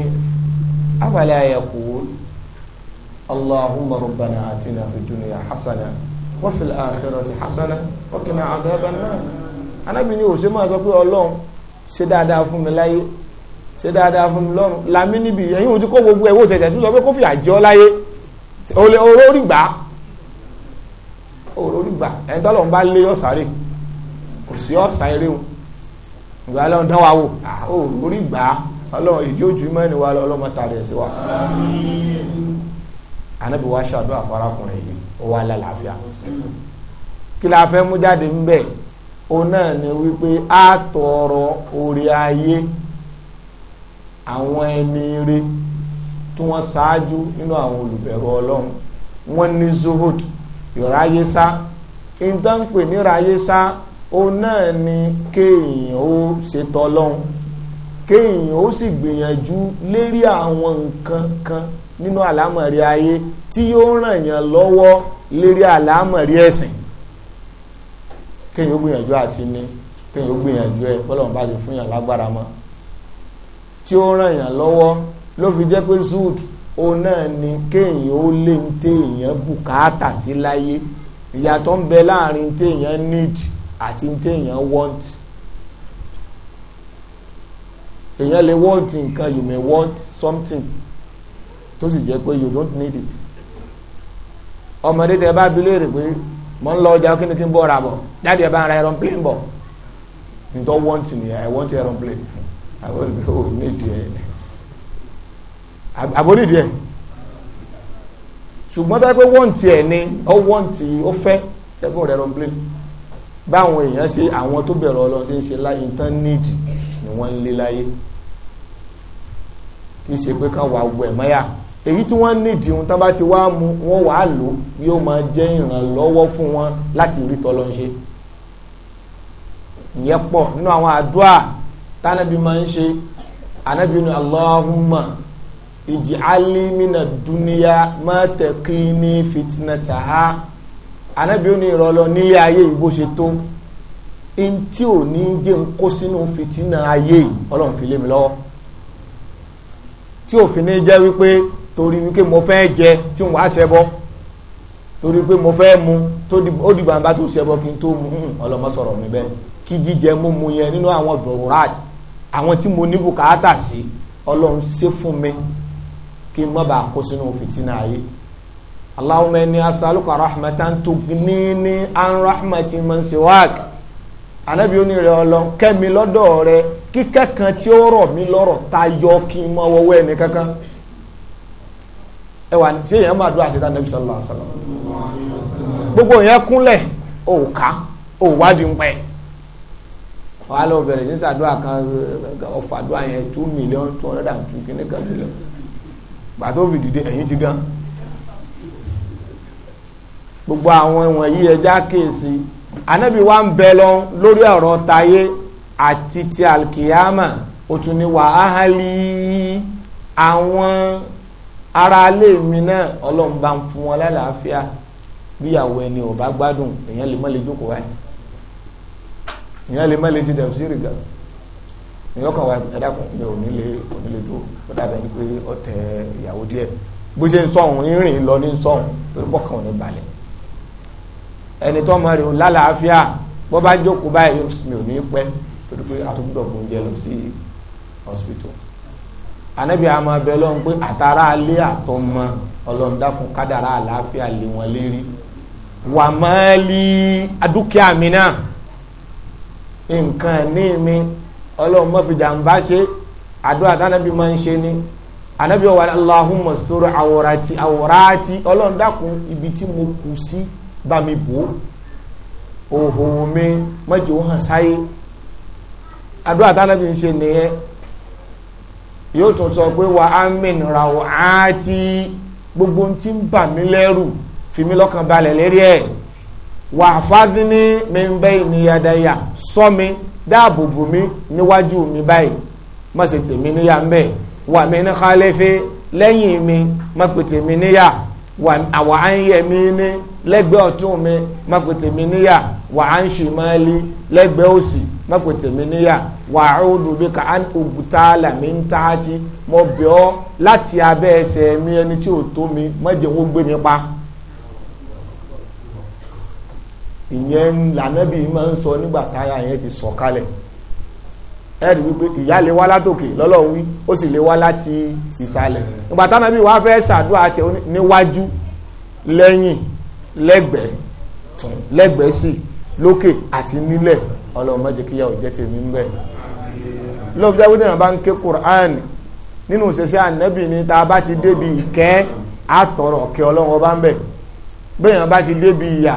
awàlẹ́ àyẹ̀kú allahumma rabbana atina fi dunya hasana wa fil akhirati hasana wa qina adhaban nar anabi ni ó ṣe máa sọ pé ọlọ́run ṣe dáadáa fún mi láyé ṣe dáadáa fún mi lọ́rùn làmí níbi ẹ̀yìn ojú kó gbogbo ẹ̀wọ́ tẹ̀tẹ̀ tó sọ pé kó fi àjọ láyé olórí gbà olórí gbà ẹni tọ́lọ̀ ń bá lé ọ̀sáré kò sí ọ̀sá eré o ìgbà lọ́n dán wa wò olórí gbà ọlọ́run ìdí ojú mẹ́rin wa lọ́lọ́mọ tààrí ẹ̀ sí wa. anábì wa ṣàdó àfarakùnrin yìí ó wà lálàáfíà kí la fẹ́ mú jáde ń bẹ̀ òun náà ni wípé a tọrọ orí ayé àwọn ẹni ire tí wọ́n ṣáájú nínú àwọn olùbẹ̀rù ọlọ́run wọ́n ní zuhud ìráyésá ìdánpè níráyésá ó náà ni kéèyàn ó ṣètò ọlọ́run kéèyàn ó sì gbìyànjú lérí àwọn nǹkan kan nínú àlámọ̀rí ayé tí yóò ràn yàn lọ́wọ́ lérí àlámọ̀rí ẹ̀sìn kéèyàn ó gbìyànjú àti ní kéèyàn ó gbìyànjú ẹ bọ́lọ̀ bá ti fún yàn lágbára mọ́ tí ó ràn yàn lọ́wọ́ ló fi jẹ́ pé zuud ó náà ni kéèyàn ó lé ń téèyàn bùkátà sí láyé ìyàtọ̀ ń bẹ láàrin téèyàn need àti téèyàn want èèyàn lè want nǹkan you may want something tó sì jẹ́ pé you don't need it ọmọdé tẹ bá bi léèrè pé mo ń lọ ọjà kí kí n bọ̀ ra bọ̀ jáde ẹ bá ń ra aeroplane bọ̀ ntọ́ want ni i want aeroplane àwọn olùgbé ò nídìí ẹ àbónídìí ẹ ṣùgbọ́n tó yẹ pé wọ́n ti ẹ̀ ni ó wọ́n ti ó fẹ́ ẹ̀fọ́ rẹ̀ rọ́nplẹ́n báwọn èèyàn ṣe àwọn tó bẹ̀rù ọlọ́run ṣe ń ṣe láyé tán nídìí ni wọ́n ń lé láyé kì í ṣe pé káwọn àwọ̀ ẹ̀ mọ́yà èyí tí wọ́n nídìí ohun tán bá ti wá mu wọ́n wà á lò yóò máa jẹ́ ìrànlọ́wọ́ fún wọn láti rí tọ́lọ́ ṣe ìyẹn pọ̀ nínú àwọn àdúrà tánàbí máa ń ṣe ànábì ní dunya ma taqini fitnataha ànábì ní ìrọlọ nílé ayé yìí bó ṣe tó in tí ò ní gé ń kó sínú fìtínà ayé ọlọ́run fi lé mi lọ́wọ́ tí òfin ní jẹ́ wípé torí wípé mo fẹ́ jẹ tí mu ó di tó kí n tó mu ọlọ́mọ sọ̀rọ̀ mi bẹ́ẹ̀ kí jíjẹ mú àwọn tí mo ní bùkátà sí ọlọ́run ṣe fún mi kí n má bàa kó sínú fìtínà ayé allahumma inni asaluka rahmatan tughnini an rahmati man siwak anabi oní rẹ ọlọ́run kẹ́mi lọ́dọ̀ rẹ kíkẹ́ kan tí ó rọ̀ mí lọ́rọ̀ tayọ kí n má wọ́wọ́ ẹni kankan ẹ wà ní ṣé èèyàn máa dúró àṣetá nabi sallallahu alaihi gbogbo yẹn kúnlẹ̀ òòká òòwádìí ń pẹ́ wàá lọ bẹ̀rẹ̀ ní sàdúrà kan ọ̀fàdúrà yẹn two million two hundred and two kìíní kan mílíọ̀n gbàtó fi dìde ẹ̀yìn ti gan gbogbo àwọn wọ̀nyí ẹja kéèsì anábì wa ń bẹ lọ lórí ọ̀rọ̀ tayé àti ti alkiyama ó tún ní wà áhálí àwọn ará ilé mi náà ọlọ́run bá ń fún wọn lálàáfíà bíyàwó ẹni ò bá gbádùn èèyàn lè mọ́ lè jókòó báyìí ìyẹn lè má lè ṣe tẹ̀síìrì gan ìyẹn kàn wá ẹ̀dá kan mi ò nílé kò nílé tó ó dàbẹ̀ ni pé ó tẹ ìyàwó díẹ̀ bó ṣe ń sọ̀hún ìrìn lọ ní sọ̀hún torí bọ́kàn ò ní balẹ̀ ẹni tó mọ̀ rẹ̀ ò lálàáfíà bó bá jókòó báyìí mi ò ní pẹ́ torí pé àtúgbò gbòǹjẹ lọ sí hospital anabi ama bẹ lọ́n pé àtàrà alẹ́ àtọmọ ọlọ́ndàkùn kádàrà àlàáfíà lé wọn lérí wàmálì adúkìá mi náà nǹkan ní mi ọlọ́run má fi jàǹbá ṣe àdúrà tánábì máa ń ṣe ni ànábì ọ̀wà Allahumma stur àwòrátì àwòrátì ọlọ́run dákun ibi tí mo kù sí bá mi bò ó òhò mi má hàn sáyé àdúrà tánábì ń ṣe nìyẹn yóò tún gbogbo tí ń bà mí lẹ́rù fi mí lọ́kàn balẹ̀ wà fádínní min bayni yadaya sọ mi dáàbò bò mí níwájú mi báyìí má ṣe tèmi níyà ń bẹ̀ wà mí ní khalifi lẹ́yìn mi má pè tèmi níyà wà á ń yẹ mí ní lẹ́gbẹ̀ẹ́ ọ̀tún mi má pè tèmi níyà wà á ń ṣì máa lẹ́gbẹ̀ẹ́ òsì má pè tèmi níyà wà á ó bí ká á làmí ń ta á ti mo bẹ̀ ọ́ láti abẹ́ ẹsẹ̀ mi ẹni tí ò tó mi má jẹ́ wọ́n gbé mi pa. ìyẹn lànàbí máa ń sọ nígbà táyà yẹn ti sọ kalẹ̀ ẹ̀rí wípé ìyá lè wá látòkè lọ́lọ́run wí ó sì lè wá láti ìsàlẹ̀ nígbà tánábì wá fẹ́ ṣàdúrà tẹ níwájú lẹ́yìn lẹ́gbẹ̀ẹ́ tún lẹ́gbẹ̀ẹ́ sí lókè àti nílẹ̀ ọlọ́run má jẹ́ kíyà òjẹ́ tèmi ń bẹ̀ lọ́pọ̀ jáwé náà bá ń ké Qur'an nínú òṣèṣẹ́ ànábì ni tá a bá ti débi ìkẹ́ àtọ̀rọ̀ ọ̀kẹ́ ọlọ́run ọba ń bẹ̀ bẹ́ẹ̀ yẹn bá ti débi ìyà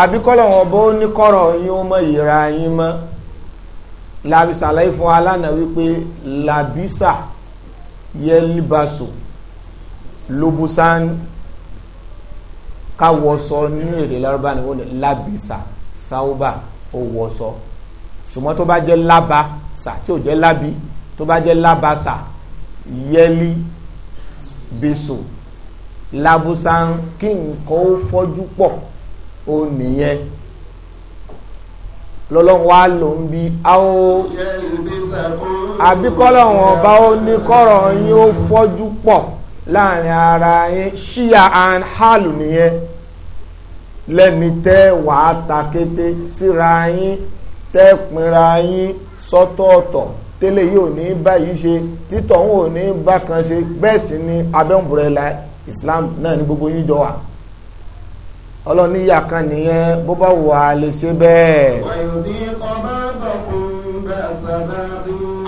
àbí kọ́lọ̀wọ̀n bó ní kọ́rọ̀ yín ó mọ ìra yín mọ́ làbísà láì fún alánà wípé làbísà yẹlíbàṣọ lóbùsán káwọsọ nínú èdè lárúbá ni wọ́n ní làbísà sáúbà ó wọsọ ṣùgbọ́n tó bá jẹ́ lábàṣà tí ò jẹ́ lábí tó bá jẹ́ lábàṣà yẹlí làbùsán kí nǹkan ó fọ́jú pọ̀ ó nìyẹn lọ́lọ́run wá ló ń bi áwó àbíkọ́lọ́run ọba ó ní kọ́rọ̀ yín ó fọ́jú pọ̀ láàrin ara yín ṣíya and hálù nìyẹn lẹ́ni tẹ́ wàá ta kété síra yín tẹ́ pinra yín sọ́tọ̀ọ̀tọ̀ tẹ́lẹ̀ yìí ní báyìí ṣe títọ̀ òun ò ní bákan ṣe bẹ́ẹ̀ sì ni abẹ́ òǹbùrẹ́là Islam náà ní gbogbo yín jọ wà ọlọ́run níyà kan nìyẹn bó bá wà á lè ṣe bẹ́ẹ̀.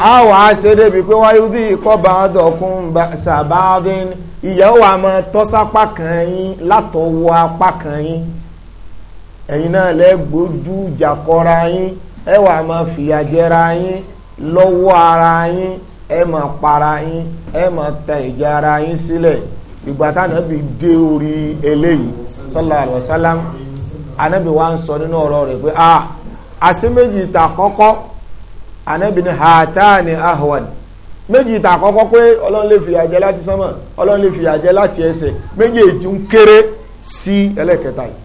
a wà á ṣe débi pé wáyé dí ikọ́ bá ń dọ̀kun sàbáàdín ìyàwó àmọ́ tọ́sápá kan yín látọwọ́ apá kan yín ẹ̀yin náà lẹ́gbójú jàkọ́ra yín ẹ wà máa yín lọ́wọ́ ara yín ẹ máa para yín ẹ máa ta ìjà ara yín sílẹ̀ ìgbà tánábì dé orí eléyìí sallallahu alayhi wa sallam anabi wa ń sọ nínú ọ̀rọ̀ rẹ̀ pé a ah, àṣẹ méjì ìta kọ́kọ́ anabi ni hàtáàni ahwan méjì ìta kọ́kọ́ pé ọlọ́run lè fìyà jẹ láti sánmà ọlọ́run lè fìyà jẹ láti ẹsẹ̀ méjì èjì ń kéré sí ẹlẹ́kẹta yìí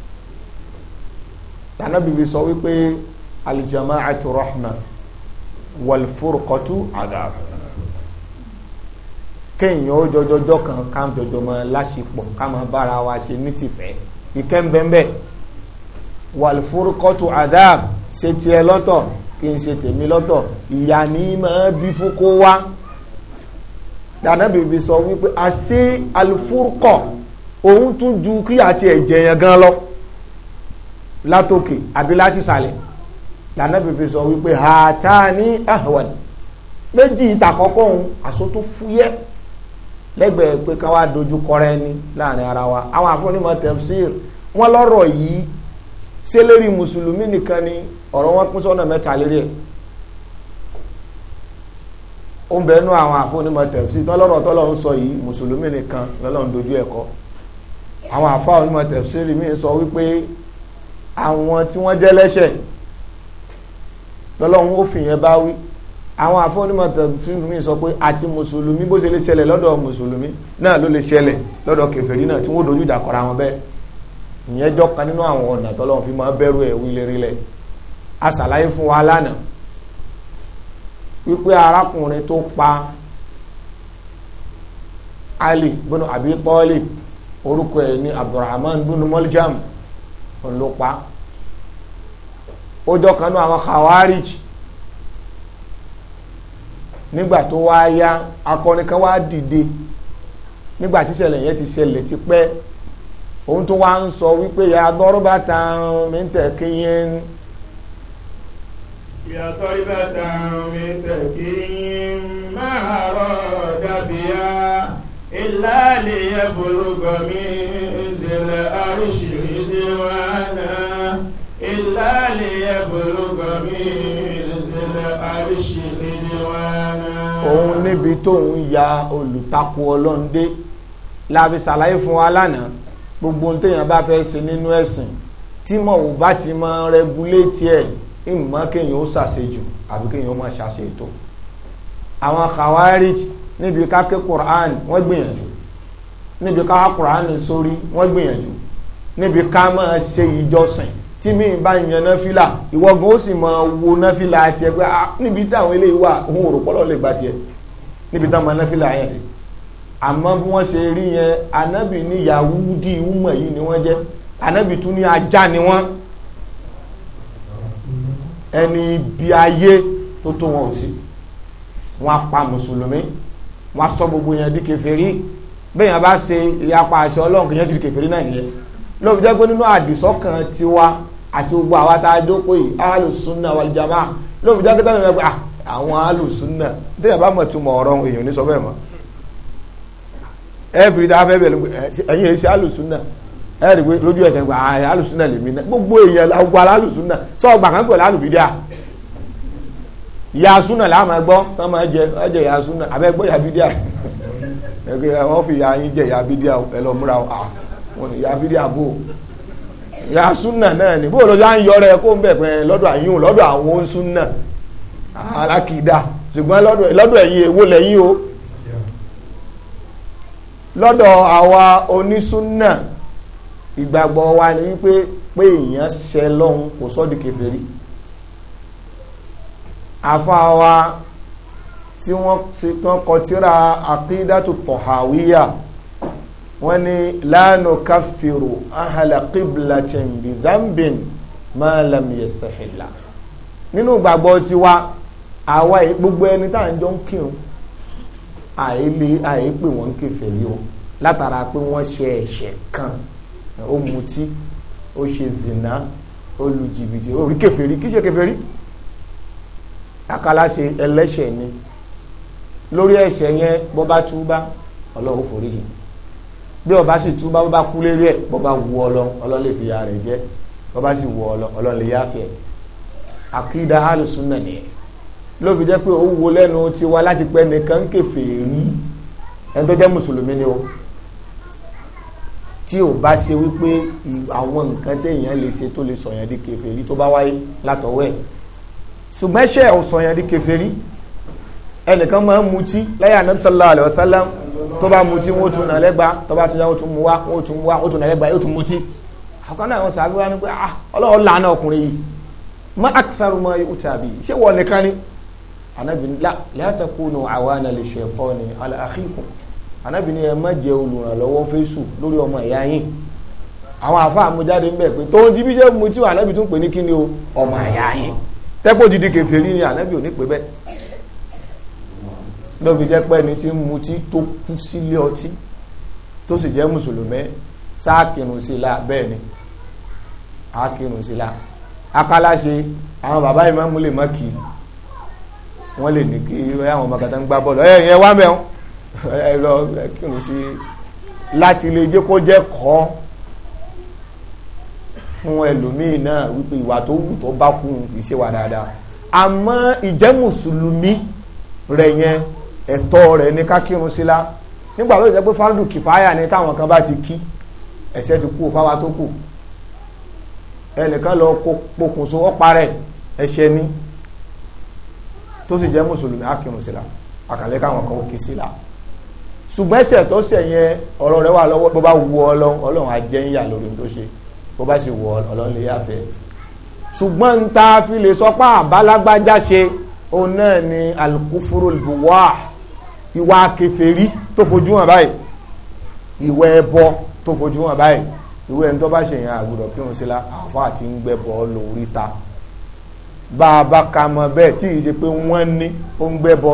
tànàbí sọ wípé aljama'atu rahma walfurqatu adab kéèyàn ó jọjọjọ kan ká jọjọ mọ lásìpọ̀ ká máa bára wa ṣe ní tìfẹ́ ìkẹ́ńbẹ́ńbẹ́ wàlfúrúkọ́tù adab ṣe tiẹ̀ lọ́tọ̀ kí n ṣe tèmi lọ́tọ̀ ìyá ni máa bí fún kó wá dànàbìbì sọ wípé àṣé alifúrúkọ̀ òun tún ju kí àti ẹ̀jẹ̀ yẹn gan lọ látòkè àbí láti sàlẹ̀ dànàbìbì sọ wípé hàtá ní ahwan méjì ìtàkọ́kọ́ òun àsótó fúyẹ́ lẹ́gbẹ̀ẹ́ pé ká wá dojú kọrẹ ẹni láàrin ara wa àwọn àfọ́nímọ̀ tafsir wọ́n lọ́rọ̀ yìí ṣé lérí mùsùlùmí nìkan ni ọ̀rọ̀ wọn pín sọ́nà mẹ́ta lérí ẹ̀ ó ń bẹnu àwọn àfọ́nímọ̀ tafsir tọ́lọ́rọ̀ tọ́lọ́run sọ yìí mùsùlùmí nìkan lọ́lọ́run dojú ẹ̀ kọ́ àwọn àfa onímọ̀ mi sọ wípé àwọn tí wọ́n jẹ́ lẹ́ṣẹ̀ lọ́lọ́run ó fìyẹn bá wí àwọn àfọ́nímọ̀tà fífúnmi sọ pé àti mùsùlùmí bó ṣe lè ṣẹlẹ̀ lọ́dọ̀ mùsùlùmí náà ló lè ṣẹlẹ̀ lọ́dọ̀ kèfèrí náà tí wọ́n dojú ìjà kọra wọn bẹ́ẹ̀ ìyẹn jọ kan nínú àwọn ọ̀nà tọ́lọ́run fi máa bẹ̀rù ẹ̀ wílérílẹ̀ a ṣàlàyé fún wa lánàá wípé arákùnrin tó pa Ali bínú Abi Talib orúkọ ẹ̀ ní Abdulrahman bínú Muljam òun pa ó jọ kan nígbà tó wá yá akọrin kan wá dìde nígbà tí ìṣẹ̀lẹ̀ yẹn ti ṣẹlẹ̀ ti pẹ́ òun tó wá ń sọ wípé ya dọ́rọ́bà tán mi ń tẹ̀ kí yẹn. ya dọ́rọ́bà tán mi ń tẹ̀ kí yẹn máa rọ̀ dàbí ya ilá lè yẹ bolúgọ mi ìdílé arúṣì ìdíwọ̀n náà ilá lè yẹ bolúgọ mi. òun níbi tóun ya olùtakò ọlọ́run dé la fi ṣàlàyé fún wa lánàá gbogbo ohun téèyàn bá fẹ́ ṣe nínú ẹ̀sìn tí mọ̀ ò bá ti mọ rẹguléètì ẹ̀ ìmọ̀ kéèyàn ó ṣàṣejù àbí kéèyàn ó má ṣàṣètò àwọn khawarij níbi ká Qur'an wọ́n gbìyànjú níbi ká Qur'an sórí wọ́n gbìyànjú níbi ká máa ṣe ìjọsìn tí mi bá yan náfìlà ìwọ́gun ó sì mọ wo náfìlà tiẹ̀ pé ah, níbi táwọn eléyìí wà òun ò rò pọ́lọ́ lè gbà tiẹ̀ níbi táwọn náfìlà yẹn àmọ́ bí wọ́n ṣe rí yẹn anábì ní Yahudi ìwúmọ̀ yìí ni wọ́n jẹ́ anábì tún ní ajá ni wọ́n ẹni ibi ayé tó tó wọn ò sí wọn pa mùsùlùmí wọn sọ gbogbo yẹn di kèfèrí bẹ́ẹ̀ yẹn bá ṣe ìyapa àṣẹ ọlọ́run yẹn ti di kèfèrí náà nìyẹn ló fi jẹ́ pé nínú àdìsọ́kàn tiwa àti gbogbo àwa tá a jókòó yìí alùsùnà wàlìjàmá ló fi jẹ́ pé tẹ́lẹ̀ mẹ́gbẹ́ ah, àwọn alùsùnà téèyàn bá mọ̀ túmọ̀ ọ̀rọ̀ èèyàn ní sọ bẹ́ẹ̀ mọ́ ẹ̀ẹ́dì tá a fẹ́ bẹ̀rẹ̀ ẹ̀yìn èsì alùsùnà ẹ̀ẹ́dì pé lójú ẹ̀kẹ́ gba alùsùnà lèmi náà gbogbo èèyàn àwọn alùsùnà sọ yasuna la ma gbọ́ tó yasuna abẹ gbọ́ yabidia ẹ wọ́n fi ya yín jẹ yabidia wọn ìyá bídí àbò ìyá súnà náà ni bó ló yá ń yọrẹ kó ń bẹ̀ pẹ́ lọ́dọ̀ àyún lọ́dọ̀ àwọn súnà alákìdá ṣùgbọ́n lọ́dọ̀ ẹ̀yin èwo lẹ́yìn o lọ́dọ̀ àwa onísúnà ìgbàgbọ́ wa ni wípé pé èèyàn ṣẹ lọ́hun kò sọ́dí kèfèrí àfáà wa tí wọ́n kọ tíra àkídàtù tọ̀hàwíyà wọ́n ní la nukaffiru ahla qiblatin bi dhanbin ma lam yastahilla nínú ìgbàgbọ́ tiwa àwa gbogbo ẹni tá à ń jọ ń kírun àìlè àìpè wọ́n ń kèfèrí o látara pé wọ́n ṣe ẹ̀ṣẹ̀ kan ó mutí ó ṣe zina ó lu jìbìtì ó rí kí ṣe kèfèrí akala ṣe ẹlẹ́ṣẹ̀ ni lórí ẹ̀ṣẹ̀ yẹn bó túbá Ọlọ́run foríjì bí ọba sì túbá bó bá kú lérí ẹ̀ bọ́ba wù ọlọ ọlọ́run lè fi ya rẹ̀ jẹ́ bọ́ba sì wù ọlọ ọlọ́run lè yá fẹ́ àkídà alùsùnà nìyẹn ló fi jẹ́ pé ó wo lẹ́nu tiwa láti pẹ́ nìkan kèfèrí ẹni tó jẹ́ mùsùlùmí ni o tí ò bá ṣe wípé àwọn nǹkan téèyàn lè ṣe tó lè sọ̀yàn di kèfèrí tó bá wáyé látọwọ́ ẹ̀ ṣùgbọ́n ṣe ò sọ̀yàn di kèfèrí ẹnìkan máa ń mutí lẹ́yìn anábì sallallahu alaihi sallam tó bá mutí wọ́n tún nàlẹ́gba tó bá tún yá wọ́n tún mu wá wọ́n tún mu wá wọ́n tún nàlẹ́gba yóò tún mutí àkọ́kọ́ náà wọ́n sàbí wá ní pé ah ọlọ́run làánà ọkùnrin yìí má àkìsàrò mọ́ ikú tàbí ṣé wọ́n nìkan ni anabi la látàkùnù àwana lè ṣe ẹ̀kọ́ ni aláàkíkù anabi ni ẹ má jẹ olùrànlọ́wọ́ fésù lórí ọmọ ìyá yín àwọn àfa àmújáde ń bẹ̀ pé tó ń ti ṣe mutí anabi tún pè ní kíni lóbi jẹ́ pé ẹni tí ń mutí tó kú sílé ọtí tó sì jẹ́ mùsùlùmí sáàkìrùn sí la bẹ́ẹ̀ ni àkìrùn sí la akálàṣe àwọn bàbá yìí máa ń múlẹ̀ mọ́kì wọ́n lè ní kí àwọn ọmọ kàtà ń gbá bọ́ọ̀lù ẹ̀ ẹ̀ wá mẹ́wọ́n ẹ lọ kírun sí láti lè jẹ́ kó jẹ́ kọ́ fún ẹlòmíì náà wípé ìwà tó wù tó bá kú kì wà dáadáa àmọ́ ìjẹ́ mùsùlùmí rẹ̀ yẹn ẹ̀tọ́ rẹ̀ ní ká kírun sí la nígbà tó jẹ́ pé fáńdù kìfáyà ni táwọn kan bá ti kí ẹ̀ṣẹ̀ ti kú fáwa tó kù ẹnìkan lọ pokùnso ọ̀parẹ̀ ẹ̀ṣẹ̀ ni tó sì jẹ́ mùsùlùmí á kírun sí la àkàlẹ́ káwọn kan ó kí sí la ṣùgbọ́n ẹ̀ṣẹ̀ tó ṣẹ̀ yẹn ọ̀rọ̀ rẹ̀ wà lọ́wọ́ bó bá wu ọlọ́run ọlọ́run á jẹ́ ń tó ṣe bó bá sì wu ọlọ́run lè yáfẹ́ ṣùgbọ́n ń ta fi lè sọ àbálágbájá ṣe òun náà ni alukufuru buwaa ìwà kèfèrí tó fojú hàn báyìí ìwà ẹbọ tó fojú hàn báyìí ìwé ẹni tó bá ṣe yẹn àgùdọ̀ kí wọn ṣe la àfa àti ń gbẹ bọ lórí ta bá a bá ka mọ bẹ́ẹ̀ tí ì pé wọn ní ó ń gbẹ bọ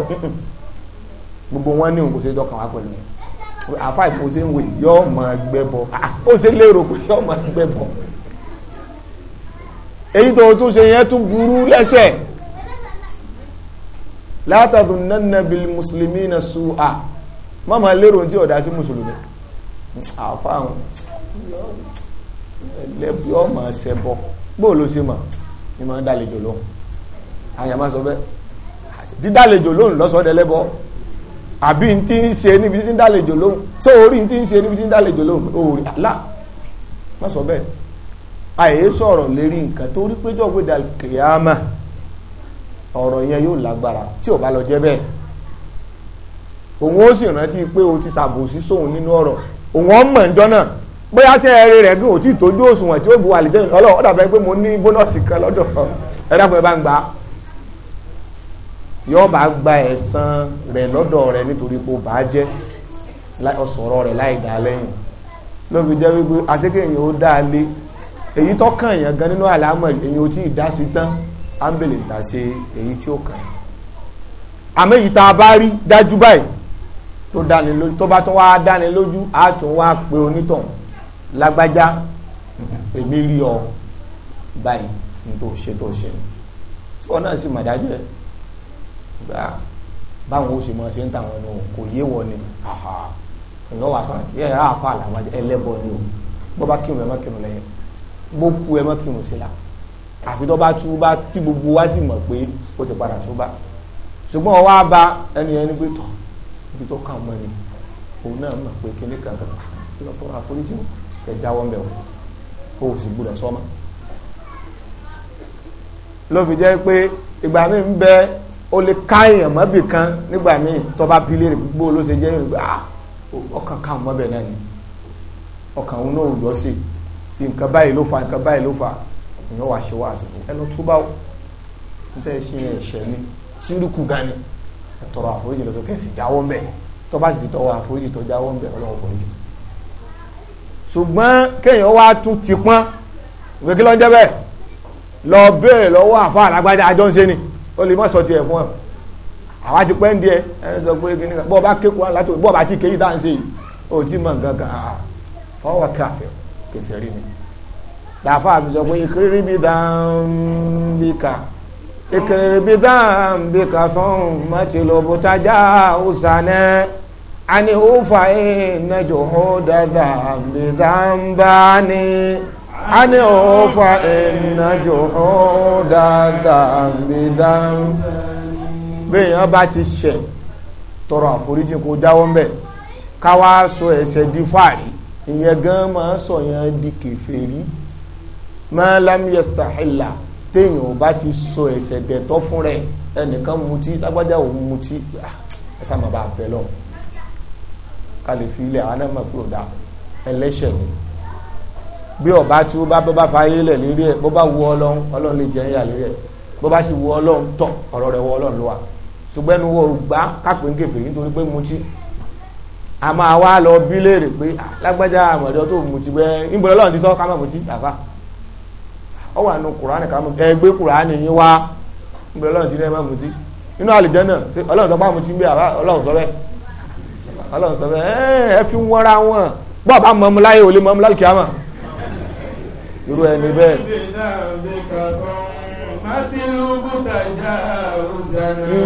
gbogbo wọn ní òun kò ṣe dọkàn wá pẹ̀lú àfa ìkó ṣe ń wè yọọ mọ gbẹ bọ ah, ó ṣe lérò pé yọọ mọ gbẹ bọ èyí tó tún ṣe yẹn tún burú lẹ́sẹ̀ látàdùn nánà bíi mùsùlùmí na su a má máa lérò tí ọ̀dà sí mùsùlùmí àfáàwọn lẹ́bí ọmọ ṣẹ bọ́ bó ló ṣe mà ní máa ń dálejò lóhùn àyà máa sọ bẹ́ẹ̀ dídálejò lóhùn lọ́sọ̀ọ́dẹ lẹ́bọ àbí n ti ń ṣe níbi tí ń dálejò lóhùn sọ orí n ti ń ṣe níbi tí ń dálejò lóhùn orí àlá má sọ bẹ́ẹ̀ àyè sọ̀rọ̀ lérí nǹkan torí péjọ́ gbé dàkìyàmá ọ̀rọ̀ yẹn yóò lágbára tí ò bá lọ jẹ́ bẹ́ẹ̀ òun ó sì rántí pé o ti ṣàbòsí sóun nínú ọ̀rọ̀ òun ọ̀ mọ̀ ǹjọ́ náà bóyá ṣe eré rẹ̀ gùn ò tí òṣùwọ̀n tí ó bu àlìjẹ́ ọlọ́ọ̀ ọ̀dà fẹ́ pé mo ní bónọ́ọ̀sì kan lọ́dọ̀ bá ń gbà bá gba rẹ̀ lọ́dọ̀ rẹ̀ nítorí pé bá jẹ́ ọ̀sọ̀rọ̀ rẹ̀ láì dá lẹ́yìn ló fi jẹ́ wípé ó dá lé èyí tó kàn gan nínú àlámọ̀ èyí tí ì dá ámbèlè ta ṣe èyí tí ó kàn àmọ́ èyí tá a bá rí dájú báyìí tó dáni lójú tó bá tún wá dáni lójú á tún wá pe onítọ̀hún lágbájá èmi rí ọ báyìí ní tó ṣe tó ṣe tí wọn náà sì mọ̀ dájú ẹ̀ gbà báwọn ó ṣe mọ̀ ṣe ń tàwọn ẹnu kò yé wọn ni ìyọ́ wa sọ̀rọ̀ yẹ ẹ̀ á fa àlàwọ̀ ẹlẹ́bọ ni o bọ́ bá kírun ẹ̀ má kírun lẹ́yìn bó ku ẹ̀ má kírun sí la àfi tó bá túbá tí gbogbo wa sì mọ̀ pé ó ti padà túbá ṣùgbọ́n ọwọ́ àbá ẹni ẹni pé tọ̀ ibi tó kàn mọ́ ni òun náà mọ̀ pé kíní kan kan kí lọ́ tọ́ra àforíjì kẹ jáwọ́ ń bẹ̀ wọ́n kó o sì gbúdọ̀ sọ́mọ́ ló fi jẹ́ pé ìgbà mi ń bẹ o lè ká èèyàn mọ́bì kan nígbà míì tó bá bilé rẹ̀ gbogbo ló ṣe jẹ́ ìgbà ah, ọkàn kàn mọ́bẹ̀ náà ni ọkàn òun náà ò lọ sí nǹkan báyìí ló fa nǹkan báyìí ló fa èèyàn wàá ṣe wá àsìkò ẹ lọ túbà ó ń tẹ́ ṣe ẹ̀ṣẹ̀ ni ṣírùkù gan ni ẹ tọrọ àforíjì lọ sókè sì jáwọ́ ń bẹ̀ tó bá sì ti tọrọ àforíjì tó jáwọ́ ń bẹ̀ ọlọ́wọ́ foríjì ṣùgbọ́n kéèyàn wá tún ti pọ́n ìwé kí ló ń jẹ́ bẹ́ẹ̀ lọ béèrè lọ́wọ́ àfa àlágbájá àjọ ń ṣe ni ó lè má sọ tiẹ̀ fún ẹ̀ àwa ti pẹ́ ń di ẹ ẹ sọ pé kí ni bọ́ọ̀ bá kékuwa látò bọ́ọ̀ bá ti kéyìí tá à ń ṣe yìí ó ti mọ̀ nǹkan kan fọwọ́ kẹfẹ́ rí mi. daafọ abidogwụ ikiriri bidan bika ikirir bidan bika sanwó mwetilobotaja usane à ní ọ fa ị na-jụ ọ da daa bidan baa nì à ní ọ fa ị na-jụ ọ da daa bidan. bènyànba tì ṣe tọrọ àfọlìchikwujawo mbè kawá so èsè dị fà anyị ịnyé ganam asọ ma lam yastahilla téèyàn ò bá ti sọ ẹ̀ṣẹ̀ dẹ̀tọ́ fún rẹ̀ ẹnìkan mutí lágbájá òun mutí ah, ẹ̀sà máa bá a bẹ̀ lọ́wọ́ ká lè fi ilẹ̀ àánà máa fi ọ̀dà ẹlẹ́ṣẹ̀ ni bí ọba tí ó bá bọ́ bá fa ayé lẹ̀ lérí ẹ̀ bó bá wu ọlọ́run ọlọ́run lè jẹ́ ẹ̀yà lérí ẹ̀ bó bá sì wu ọlọ́run tán ọ̀rọ̀ rẹ̀ wọ ọlọ́run ló wà ṣùgbọ́n ẹnu wo gbá kápẹ́ ń nítorí pé mutí a máa lọ bí léèrè pé ah, lágbájá àmọ̀dọ́ tó mutí bẹ́ẹ̀ ń ọ wà nù kùránì kàmú ẹgbẹ́ kùránì yín wá níbi ọlọ́run ti ní ẹ má mutí inú àlìjẹ́nà ọlọ́run tó bá mutí ń bẹ ọlọ́run sọ bẹ́ẹ̀ ọlọ́run sọ bẹ́ẹ̀ ẹ fi ń wọ́ra wọn bọ́ọ̀ bá mọ̀mú láyé ò lè mọ̀mú láyé kìá mà irú ẹni bẹ́ẹ̀.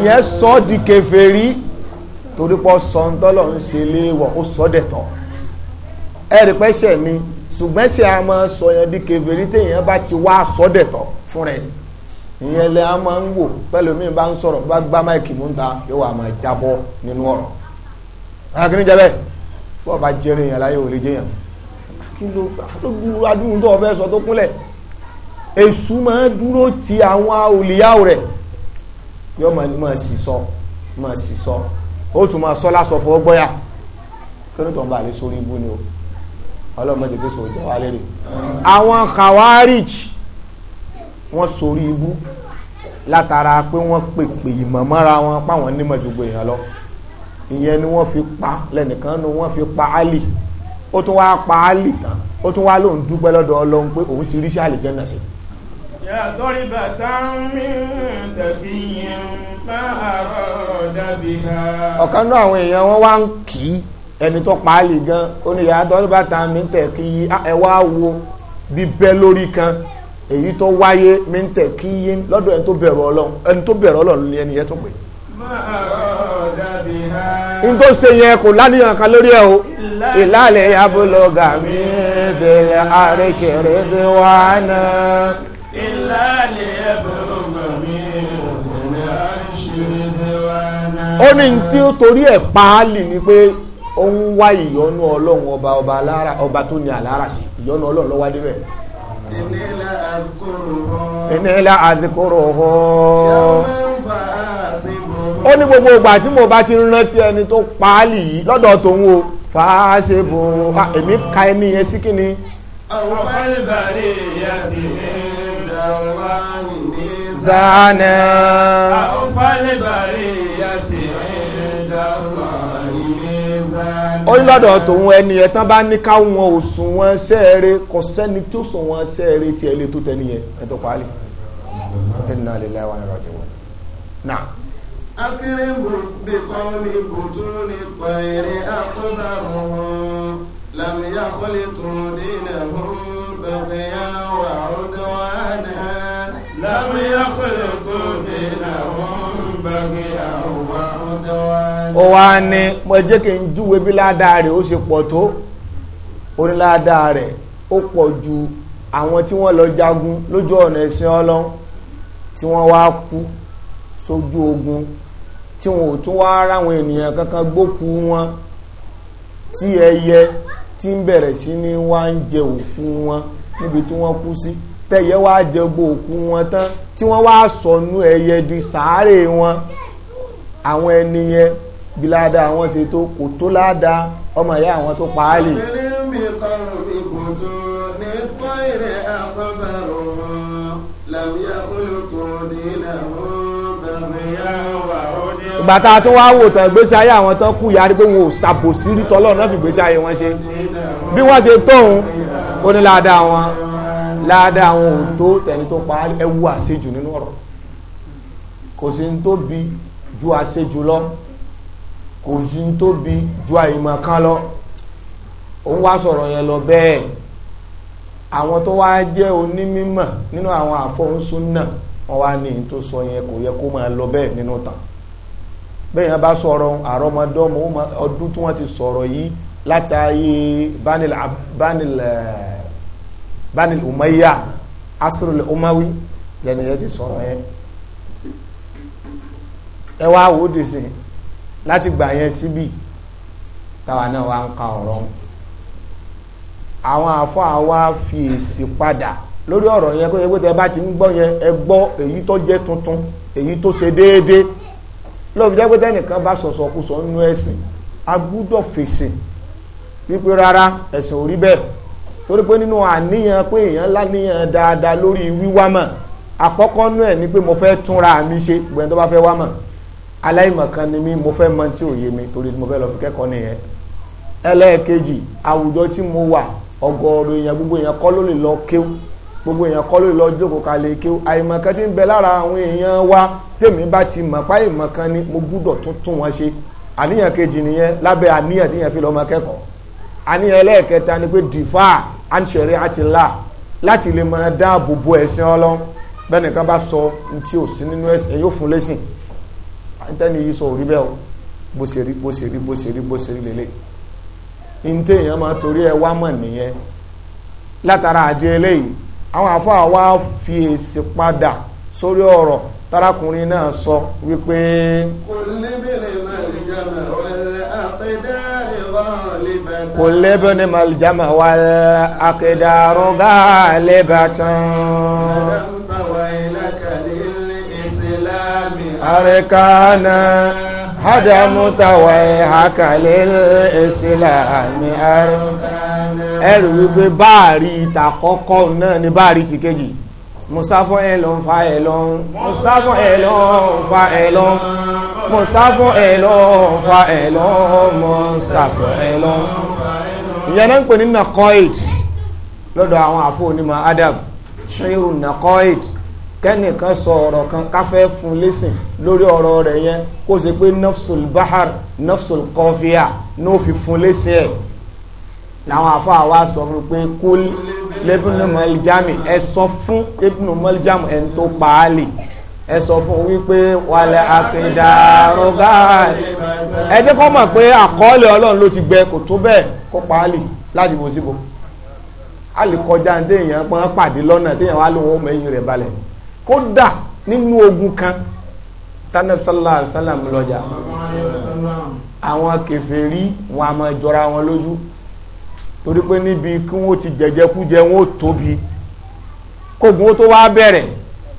ìyẹn sọ di kèfèrí torí pọ́ sọ ń tọ́lọ̀ ń ṣe léwọ̀ ó sọ dẹ̀ tọ̀ ẹ̀rí pẹ́sẹ̀ ni ṣùgbọ́n ṣe a máa sọ yẹn di kèfèrí téèyàn bá ti wá sọ́dẹ̀tọ̀ fún rẹ̀ ìyẹn lẹ́ a máa ń wò pẹ̀lú mi bá ń sọ̀rọ̀ bá gbá máìkì mú ta yóò wà máa jábọ́ nínú ọ̀rọ̀ akíní jẹ́ bẹ́ẹ̀ bọ́ọ̀ bá jẹ́rìí yẹn láyé ò lè jẹ́yàn kí ló dúró adúrún tó ọ̀fẹ́ sọ tó kúnlẹ̀ èṣù máa dúró ti àwọn olùyàwó rẹ̀ yóò máa sì sọ máa sì sọ ó tún máa sọ lásọ fún ọgbọ́yà kí ọlọ́mọdé pé sọ ìjọ wa lérè àwọn khawarij wọ́n sorí ibú látara pé wọ́n pèpè ìmọ̀mọ́ra wọn páwọn nímọ̀ ju gbogbo èèyàn lọ ìyẹn ni wọ́n fi pa lẹ́nìkan ni wọ́n fi pa Ali ó tún wá pa Ali tán ó tún wá lóun dúpẹ́ lọ́dọ̀ Ọlọ́run pé òun ti rí sí àlìjẹ́nà sí i ọ̀kan náà àwọn èèyàn wọn wá ń kì í ẹni tó paálì gan oníyà tọ́lùbàtà mi tẹ̀ kí ah, ẹ wá wo bíbẹ́ lórí kan èyí tó wáyé mi tẹ̀ kí yé lọ́dọ̀ ẹni tó bẹ̀rù ọlọ́run ẹni tó bẹ̀rù ọlọ́run ni ẹni yẹn tó pè. n tó ṣe yẹn kò lánìyàn kan lórí ẹ o ìlàlẹ̀ abúlọ̀gà mi dẹ̀lẹ̀ ààrẹ ṣẹ̀rẹ̀ dẹ̀ wá náà. ìlàlẹ̀ abúlọ̀gà mi dẹ̀lẹ̀ ààrẹ ṣẹ̀rẹ̀ dẹ̀ wá náà. ó ní tí ó torí ẹ̀ paálì ni pé ó ń wá ìyọ́nú ọlọ́run ọba ọba alára ọba tó ní àlára sí ìyọ́nú ọlọ́run lọ́wọ́ débẹ̀. ìnílá àdìkòrò họ. ó ní gbogbo ìgbà tí mo bá ti rántí ẹni tó paálì yìí lọ́dọ̀ tòun o fàásebò ah, èmi ka ẹni yẹn sí kí ni. àwọn ìbàdí ìyá ti ní ìdáwọ́ ní. zanẹ́. àwọn ìbàdí ìyá ti. ó ní lọ́dọ̀ tòun ẹni ẹ̀ tán bá ní káwọn òṣùwọ̀n sẹ́ẹ̀rẹ́ kò sẹ́ni tí sùn wọn sẹ́ẹ̀rẹ́ tí ẹ lè tó tẹ́ni yẹn ẹ tó paálí inna lillahi wa inna ilaihi raji'un náà. akérèmọ bí kọ́ni bùtú ní pẹ̀lẹ́ àkọ́dàrún làmìyá kọ́lé tó dínà hún bàtẹ́yà wà ọ̀dọ́ àná làmìyá kọ́lé tó dínà hún bàtẹ́yà wà ó wá ní mo jẹ́ kí n júwe bí ládàá rẹ̀ ó ṣe pọ̀ tó oníládàá rẹ̀ ó pọ̀ ju àwọn tí wọ́n lọ jagun lójú ọ̀nà ẹ̀sìn ọlọ́run tí wọ́n wá kú sójú ogun tí wọn ò tún wá ráwọn ènìyàn kankan gbókú wọn tí ẹyẹ tí ń bẹ̀rẹ̀ sí ní wá ń jẹ òkú wọn níbi tí wọ́n kú sí tẹ́yẹ wá jẹ gbó wọn tán tí wọ́n wá sọnù ẹyẹ di sàárè wọn àwọn ẹni yẹn bí ládàá àwọn ṣe tó kò tó ládàá ọmọ ìyá àwọn tó pa á lè. ìgbà tá a tún wá wò tán gbèsè ayé àwọn tán kú yarí pé wọn ò rí tọ́lọ́ náà fi gbèsè ayé wọn ṣe bí wọ́n ṣe tóun ó ní ládàá wọn ládàá wọn ò tó tẹni tó pa ẹwu àṣejù nínú ọ̀rọ̀ kò sí ní tó bi ju àṣejù lọ kò yí tó bi ju àìmọ̀ kan lọ òun wá sọ̀rọ̀ yẹn lọ bẹ́ẹ̀ àwọn tó wá jẹ́ onímímọ̀ nínú àwọn àfọ̀nsún náà wọ́n wá ní tó sọ yẹn kò yẹ kó máa lọ bẹ́ẹ̀ nínú tàn bẹ́ẹ̀ yẹn bá sọ̀rọ̀ àrọ́mọdọ́mọ ọdún tí wọ́n ti sọ̀rọ̀ yìí látàáyé banil banil umayya asrul umawi lẹ́nu yẹn ti sọ̀rọ̀ yẹn ẹ wá wò ó dèsè láti gbà yẹn síbì táwa náà wá ń ka ọ̀rọ̀ wọn àwọn àfọ àwa fi èsì padà lórí ọ̀rọ̀ yẹn kó yẹ pé tẹ bá ti ń gbọ́ yẹn ẹ gbọ́ èyí tó jẹ́ tuntun èyí tó ṣe déédéé lóòfin jẹ́ pé tẹ́nìkan bá sọ̀sọ̀ kú sọ nínú ẹ̀sìn a gbúdọ̀ fèsì wípé rárá ẹ̀sìn ò rí bẹ́ẹ̀ torí pé nínú àníyàn pé èèyàn láníyàn dáadáa lórí wíwá mọ̀ àkọ́kọ́ nú ẹ̀ ni pé mo fẹ́ túnra mi ṣe gbẹ̀yìn tó bá fẹ́ wá mọ̀ aláìmọ̀kan ni mí mo fẹ́ mọ tí ò yé mi torí mo fẹ́ lọ fi kẹ́kọ̀ọ́ nìyẹn ẹlẹ́ẹ̀kejì àwùjọ tí mo wà ọ̀gọ̀ọ̀rọ̀ èèyàn gbogbo èèyàn kọ́ ló lè lọ kéw gbogbo èèyàn kọ́ ló lè lọ jókòó kalẹ̀ kéw àìmọ̀kan ti ń bẹ lára àwọn èèyàn wa tèmi bá ti mọ̀ pa àìmọ̀kan ni mo gbúdọ̀ tún tún wọn ṣe àníyàn kejì nìyẹn lábẹ́ àníyàn tí yẹn fi lọ mọ kẹ́kọ̀ọ́ àníyàn ẹlẹ́ẹ̀kẹta ni pé dìfà àǹṣẹ̀rẹ́ àti là láti lè máa dáàbò bo ẹ̀sìn ọlọ́run bẹ́ẹ̀ nìkan bá sọ ní tí ò sí nínú ẹ̀sìn yóò fún lẹ́sìn ìtẹ́ni yìí sọ orí bẹ́ẹ̀ o bó ṣe rí bó ṣe rí bó ṣe rí bó ṣe rí lélẹ̀ ìǹtẹ́ èèyàn máa torí ẹ wá mọ̀ nìyẹn látara àdé eléyìí àwọn àfáà wá fi èsì padà sórí ọ̀rọ̀ tarakùnrin náà sọ wípé. kò lébèlè máa lè jẹun ọ̀rẹ́ àpẹẹrẹ kulebni maljama wal akidaru galibatan. أركانا هدم تويهك للإسلام أركانا ẹrù wípé báàrí ìtàkọ́kọ́ náà ni báàrí ti kejì mustapha ẹ lọ fa ẹ lọ ń mustapha ẹ lọ fa ẹ lọ ń mustapha ẹ lọ fa ẹ lọ ń mustapha ẹ lọ ń. ìyẹn náà ń pè ní nakoid lọ́dọ̀ àwọn àfọ onímọ̀ adam ṣéyìn nakoid kẹ́nìkan sọ ọ̀rọ̀ kan káfẹ́ fún lẹ́sìn lórí ọ̀rọ̀ rẹ̀ yẹn kó ṣe pé nafsul bahar nafsul kọfíà ní òfin fún lẹ́sìn ẹ̀ làwọn àfáà wa sọ fún pé kó lẹ́bùnú mọ́lìjámì ẹ sọ fún lẹ́bùnú mọ́lìjámì ẹ̀ ń tó paálì ẹ sọ fún wípé wàlẹ̀ àkèdàrọ̀ gáàlì ẹ jẹ́ kó mọ̀ pé àkọọ́lẹ̀ ọlọ́run ló ti gbẹ kò tó bẹ́ẹ̀ kó paálì láti bó síbò a lè kọjá ní téèyàn pọ́n pàdé lọ́nà téèyàn wá lóun ó mẹ́yìn rẹ̀ balẹ̀ kódà nínú ogun kan tanabi sallallahu alayhi wa sallam lọ́jà àwọn kèfèrí wọn a máa jọra wọn lójú torí pé níbi kí wọ́n ti jẹjẹkújẹ wọ́n ó tóbi kógun ó tó wá bẹ̀rẹ̀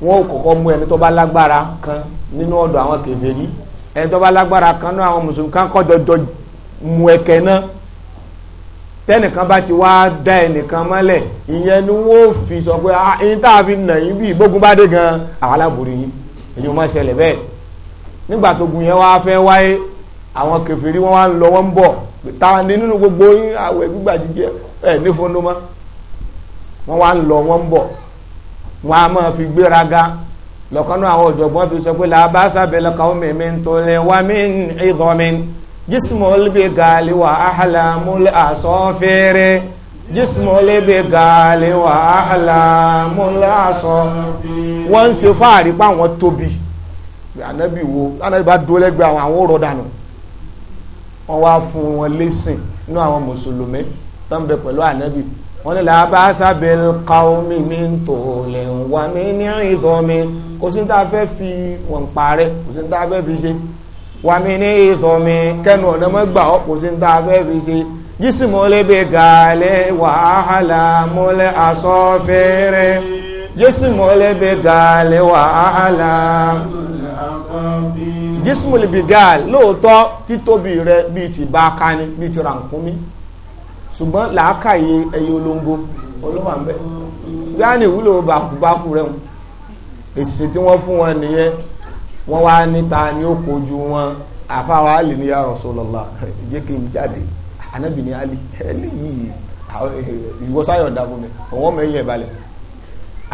wọ́n ó kọ́kọ́ mú ẹni tó bá lágbára kan nínú ọ̀dọ̀ àwọn kèfèrí ẹni tó bá lágbára kan náà àwọn mùsùlùmí kan kọ́ dọ́dọ́ mú ẹkẹ náà tẹ́nìkan bá ti wá dá ẹnìkan mọ́lẹ̀ ìyẹn ni wọ́n fi sọ pé ah, ẹyin tá a fi nà yín bí ìgbógun bá dé gan àwọn aláborí yín èyí ò má ṣẹlẹ̀ bẹ́ẹ̀ nígbà tó gun yẹn wá fẹ́ wáyé àwọn kèfèrí wọn wá ń lọ wọn ń bọ̀ ta ni nínú gbogbo yín àwẹ̀ gbígbà jíjẹ ẹ̀ ní fọ́nú mọ́ wọn wá ń lọ wọn ń bọ̀ wọn a máa fi gbéraga lọ́kànnú àwọn ọ̀jọ̀gbọ́n fi sọ pé làbá sábẹ́ mẹ́mẹ́ ń tó wá mí ń ìdọ́mí jismol bi gaali wa ahlamul asofere jismol bi gaali wa ahlamul asofere wọ́n ń ṣe fáàrí pa àwọn tóbi ànábì wo ànábì bá dúró lẹ́gbẹ̀ẹ́ àwọn àwọn òrò dànù wọ́n wá fún wọn lẹ́sìn nínú àwọn mùsùlùmí tó bẹ pẹ̀lú ànábì wọ́n ní làbáṣà bẹ́ẹ̀ káwọ́mí mi ń tò lẹ̀ ń wá mi ní ìdánmi kò sí ní tá fẹ́ fi wọ́n parẹ́ kò sí ní tá fẹ́ fi ṣe wà mí ní ìtàn mi kẹnu ọ̀nà mọ́gbà ọ̀pọ̀ sí ta fẹ́ fi ṣe jísìmù lébe gàlẹ́ wàhálà múlẹ̀ aṣọ fẹ́rẹ́ jísìmù lébe gàlẹ́ wàhálà jísìmù lébe gàlẹ́ lóòótọ́ títóbi rẹ bíi ti bá a kání bíi ti rànkúnmí ṣùgbọ́n làákàyè ẹyẹ olóńgbò olówà ń bẹ yáà ìwúlò bàkúbákú rẹ̀ èsì tí wọ́n fún wọn nìyẹn wọ́n wá níta ni ó kojú wọn àfáwà alì ní ya Rasulullah jẹ́ kí n jáde anábì ní alì ẹni yìí ìwọ sáyọ̀ dàbò mi ọ̀wọ́n mẹ́yìn ẹ̀ balẹ̀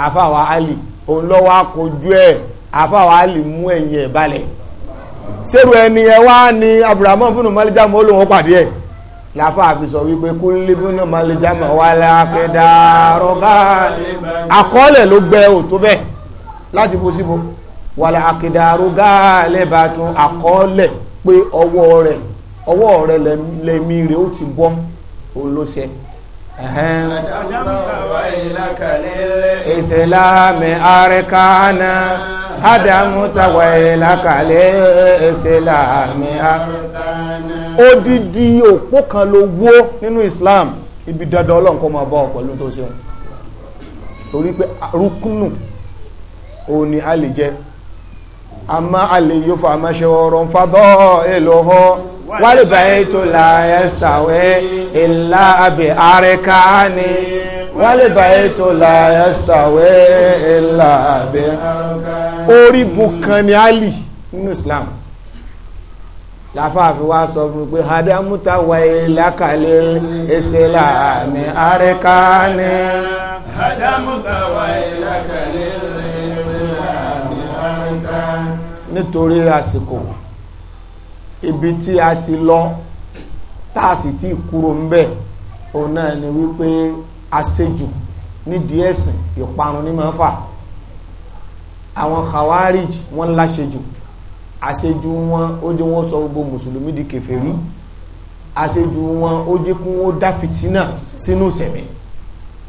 àfáwà alì òun lọ́wọ́ akojú ẹ̀ àfáwà alì mú ẹ̀yìn ẹ̀ balẹ̀ sẹ́rù ẹni ẹ wá ní abdulrahman fúnnu malijamu olóhùn pàdé ẹ̀ láfà àfi sọ wípé kúlíbùnú malijamu wà lápẹ̀dá rọ́gà àkọọ́lẹ̀ ló gbẹ òtó bẹ́ẹ̀ láti bó síbo. Si wàlẹ̀ àkìdàrú gáàlẹ́bà tún àkọọ́lẹ̀ pé ọwọ́ rẹ̀ ọwọ́ rẹ̀ lẹ́mí rẹ̀ ó ti bọ́ òun ìsìlámi àríkàánà ádámù tàwà ìlàkàlẹ̀ ìsìlámi àríkàánà odidi òpó kan ló wó nínú Islam ibi dandan Ọlọ́run máa ọ pẹ̀lú tó torí pé ni amma aliyu fa mashurun fadailuhu wal baitu la yastawi illa bi arkani wal baitu la yastawi illa bi orígun kan ni ali nínú islam láfààfi wá sọ fún pé hadamuta wa ilakalil islami arkani hadamuta wa ilakalil nítorí àsìkò ibi tí a ti lọ tá a sì ti kúrò ń bẹ̀ òun náà ni wípé àṣejù nídìí ẹ̀sìn ìparun ní máa ń fà àwọn khawarij wọ́n láṣejù àṣejù wọn ó jẹ́ wọ́n sọ gbogbo mùsùlùmí di kèfèrí àṣejù wọn ó jẹ́ kún ó dá fìtínà sínú ìṣẹ̀mí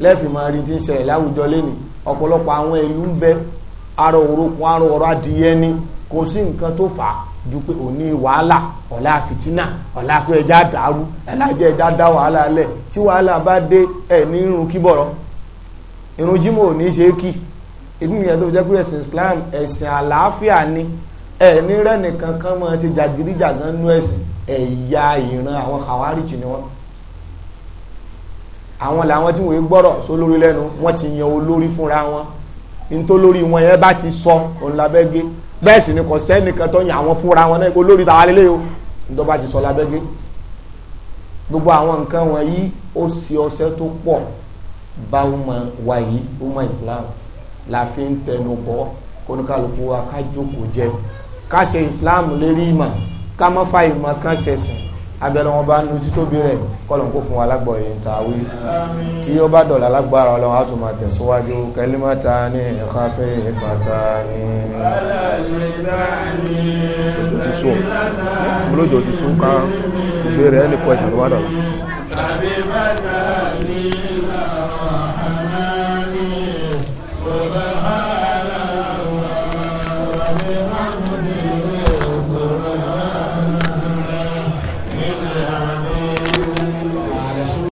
lẹ́ẹ̀fì rí ti ń ṣẹlẹ̀ láwùjọ lẹ́nìí ọ̀pọ̀lọpọ̀ àwọn ìlú ń bẹ arọ òrokùn arọ ọ̀rọ̀ adìyẹ ni kò sí nǹkan tó fà á ju pé òní wàhálà ọ̀la fìtínà ọ̀la pé ẹja dàrú ẹlájẹ ẹja dá wàhálà lẹ̀ tí wàhálà bá dé ẹ̀ ní irun kí bọ̀rọ̀ irun jímọ̀ ò ní ṣe é kì inú ìyẹn tó jẹ́ pé ẹ̀sìn Islam ẹ̀sìn àlàáfíà ni ẹ̀ ní rẹ́nìkan kan máa ṣe jàgídíjàgan nú ẹ̀sìn ẹ̀yà ìran àwọn kàwárìjì ni wọ́n àwọn làwọn tí wọ́n gbọ́rọ̀ sólórí lẹ́nu wọ́n ti yan olórí fúnra wọn ní tó lórí wọn yẹn bá ti sọ òun labẹ́gẹ́ bẹ́ẹ̀ sì ni kò sẹ́nìkan tó yàn àwọn fúnra wọn náà olórí tàwa lélẹ́ o ìjọba ti sọ lábẹ́gẹ́ gbogbo àwọn nǹkan wọ̀nyí ó sì ọṣẹ́ tó pọ̀ bá ọmọ wa yìí ọmọ Islam la fi ń tẹnu bọ́ kóníkàlùkù wa ká jókòó jẹ ká ṣe Islam lérí ìmọ̀ ká má fa ìmọ̀ kan ṣẹ̀sìn abẹ́lẹ́ wọn bá ń lu títóbi rẹ̀ kọ́lọ̀n kó fún wa lágbọ̀ yìí ta wí tí ó bá dọ̀là lágbára ọlọ́run á tún máa tẹ̀síwájú kẹlímọ́ta ní ìkáfẹ́ ìpàtà ní òtútù olójó ti sún ká gbé rẹ̀ ẹni pọ̀ ìṣàlùwádọ̀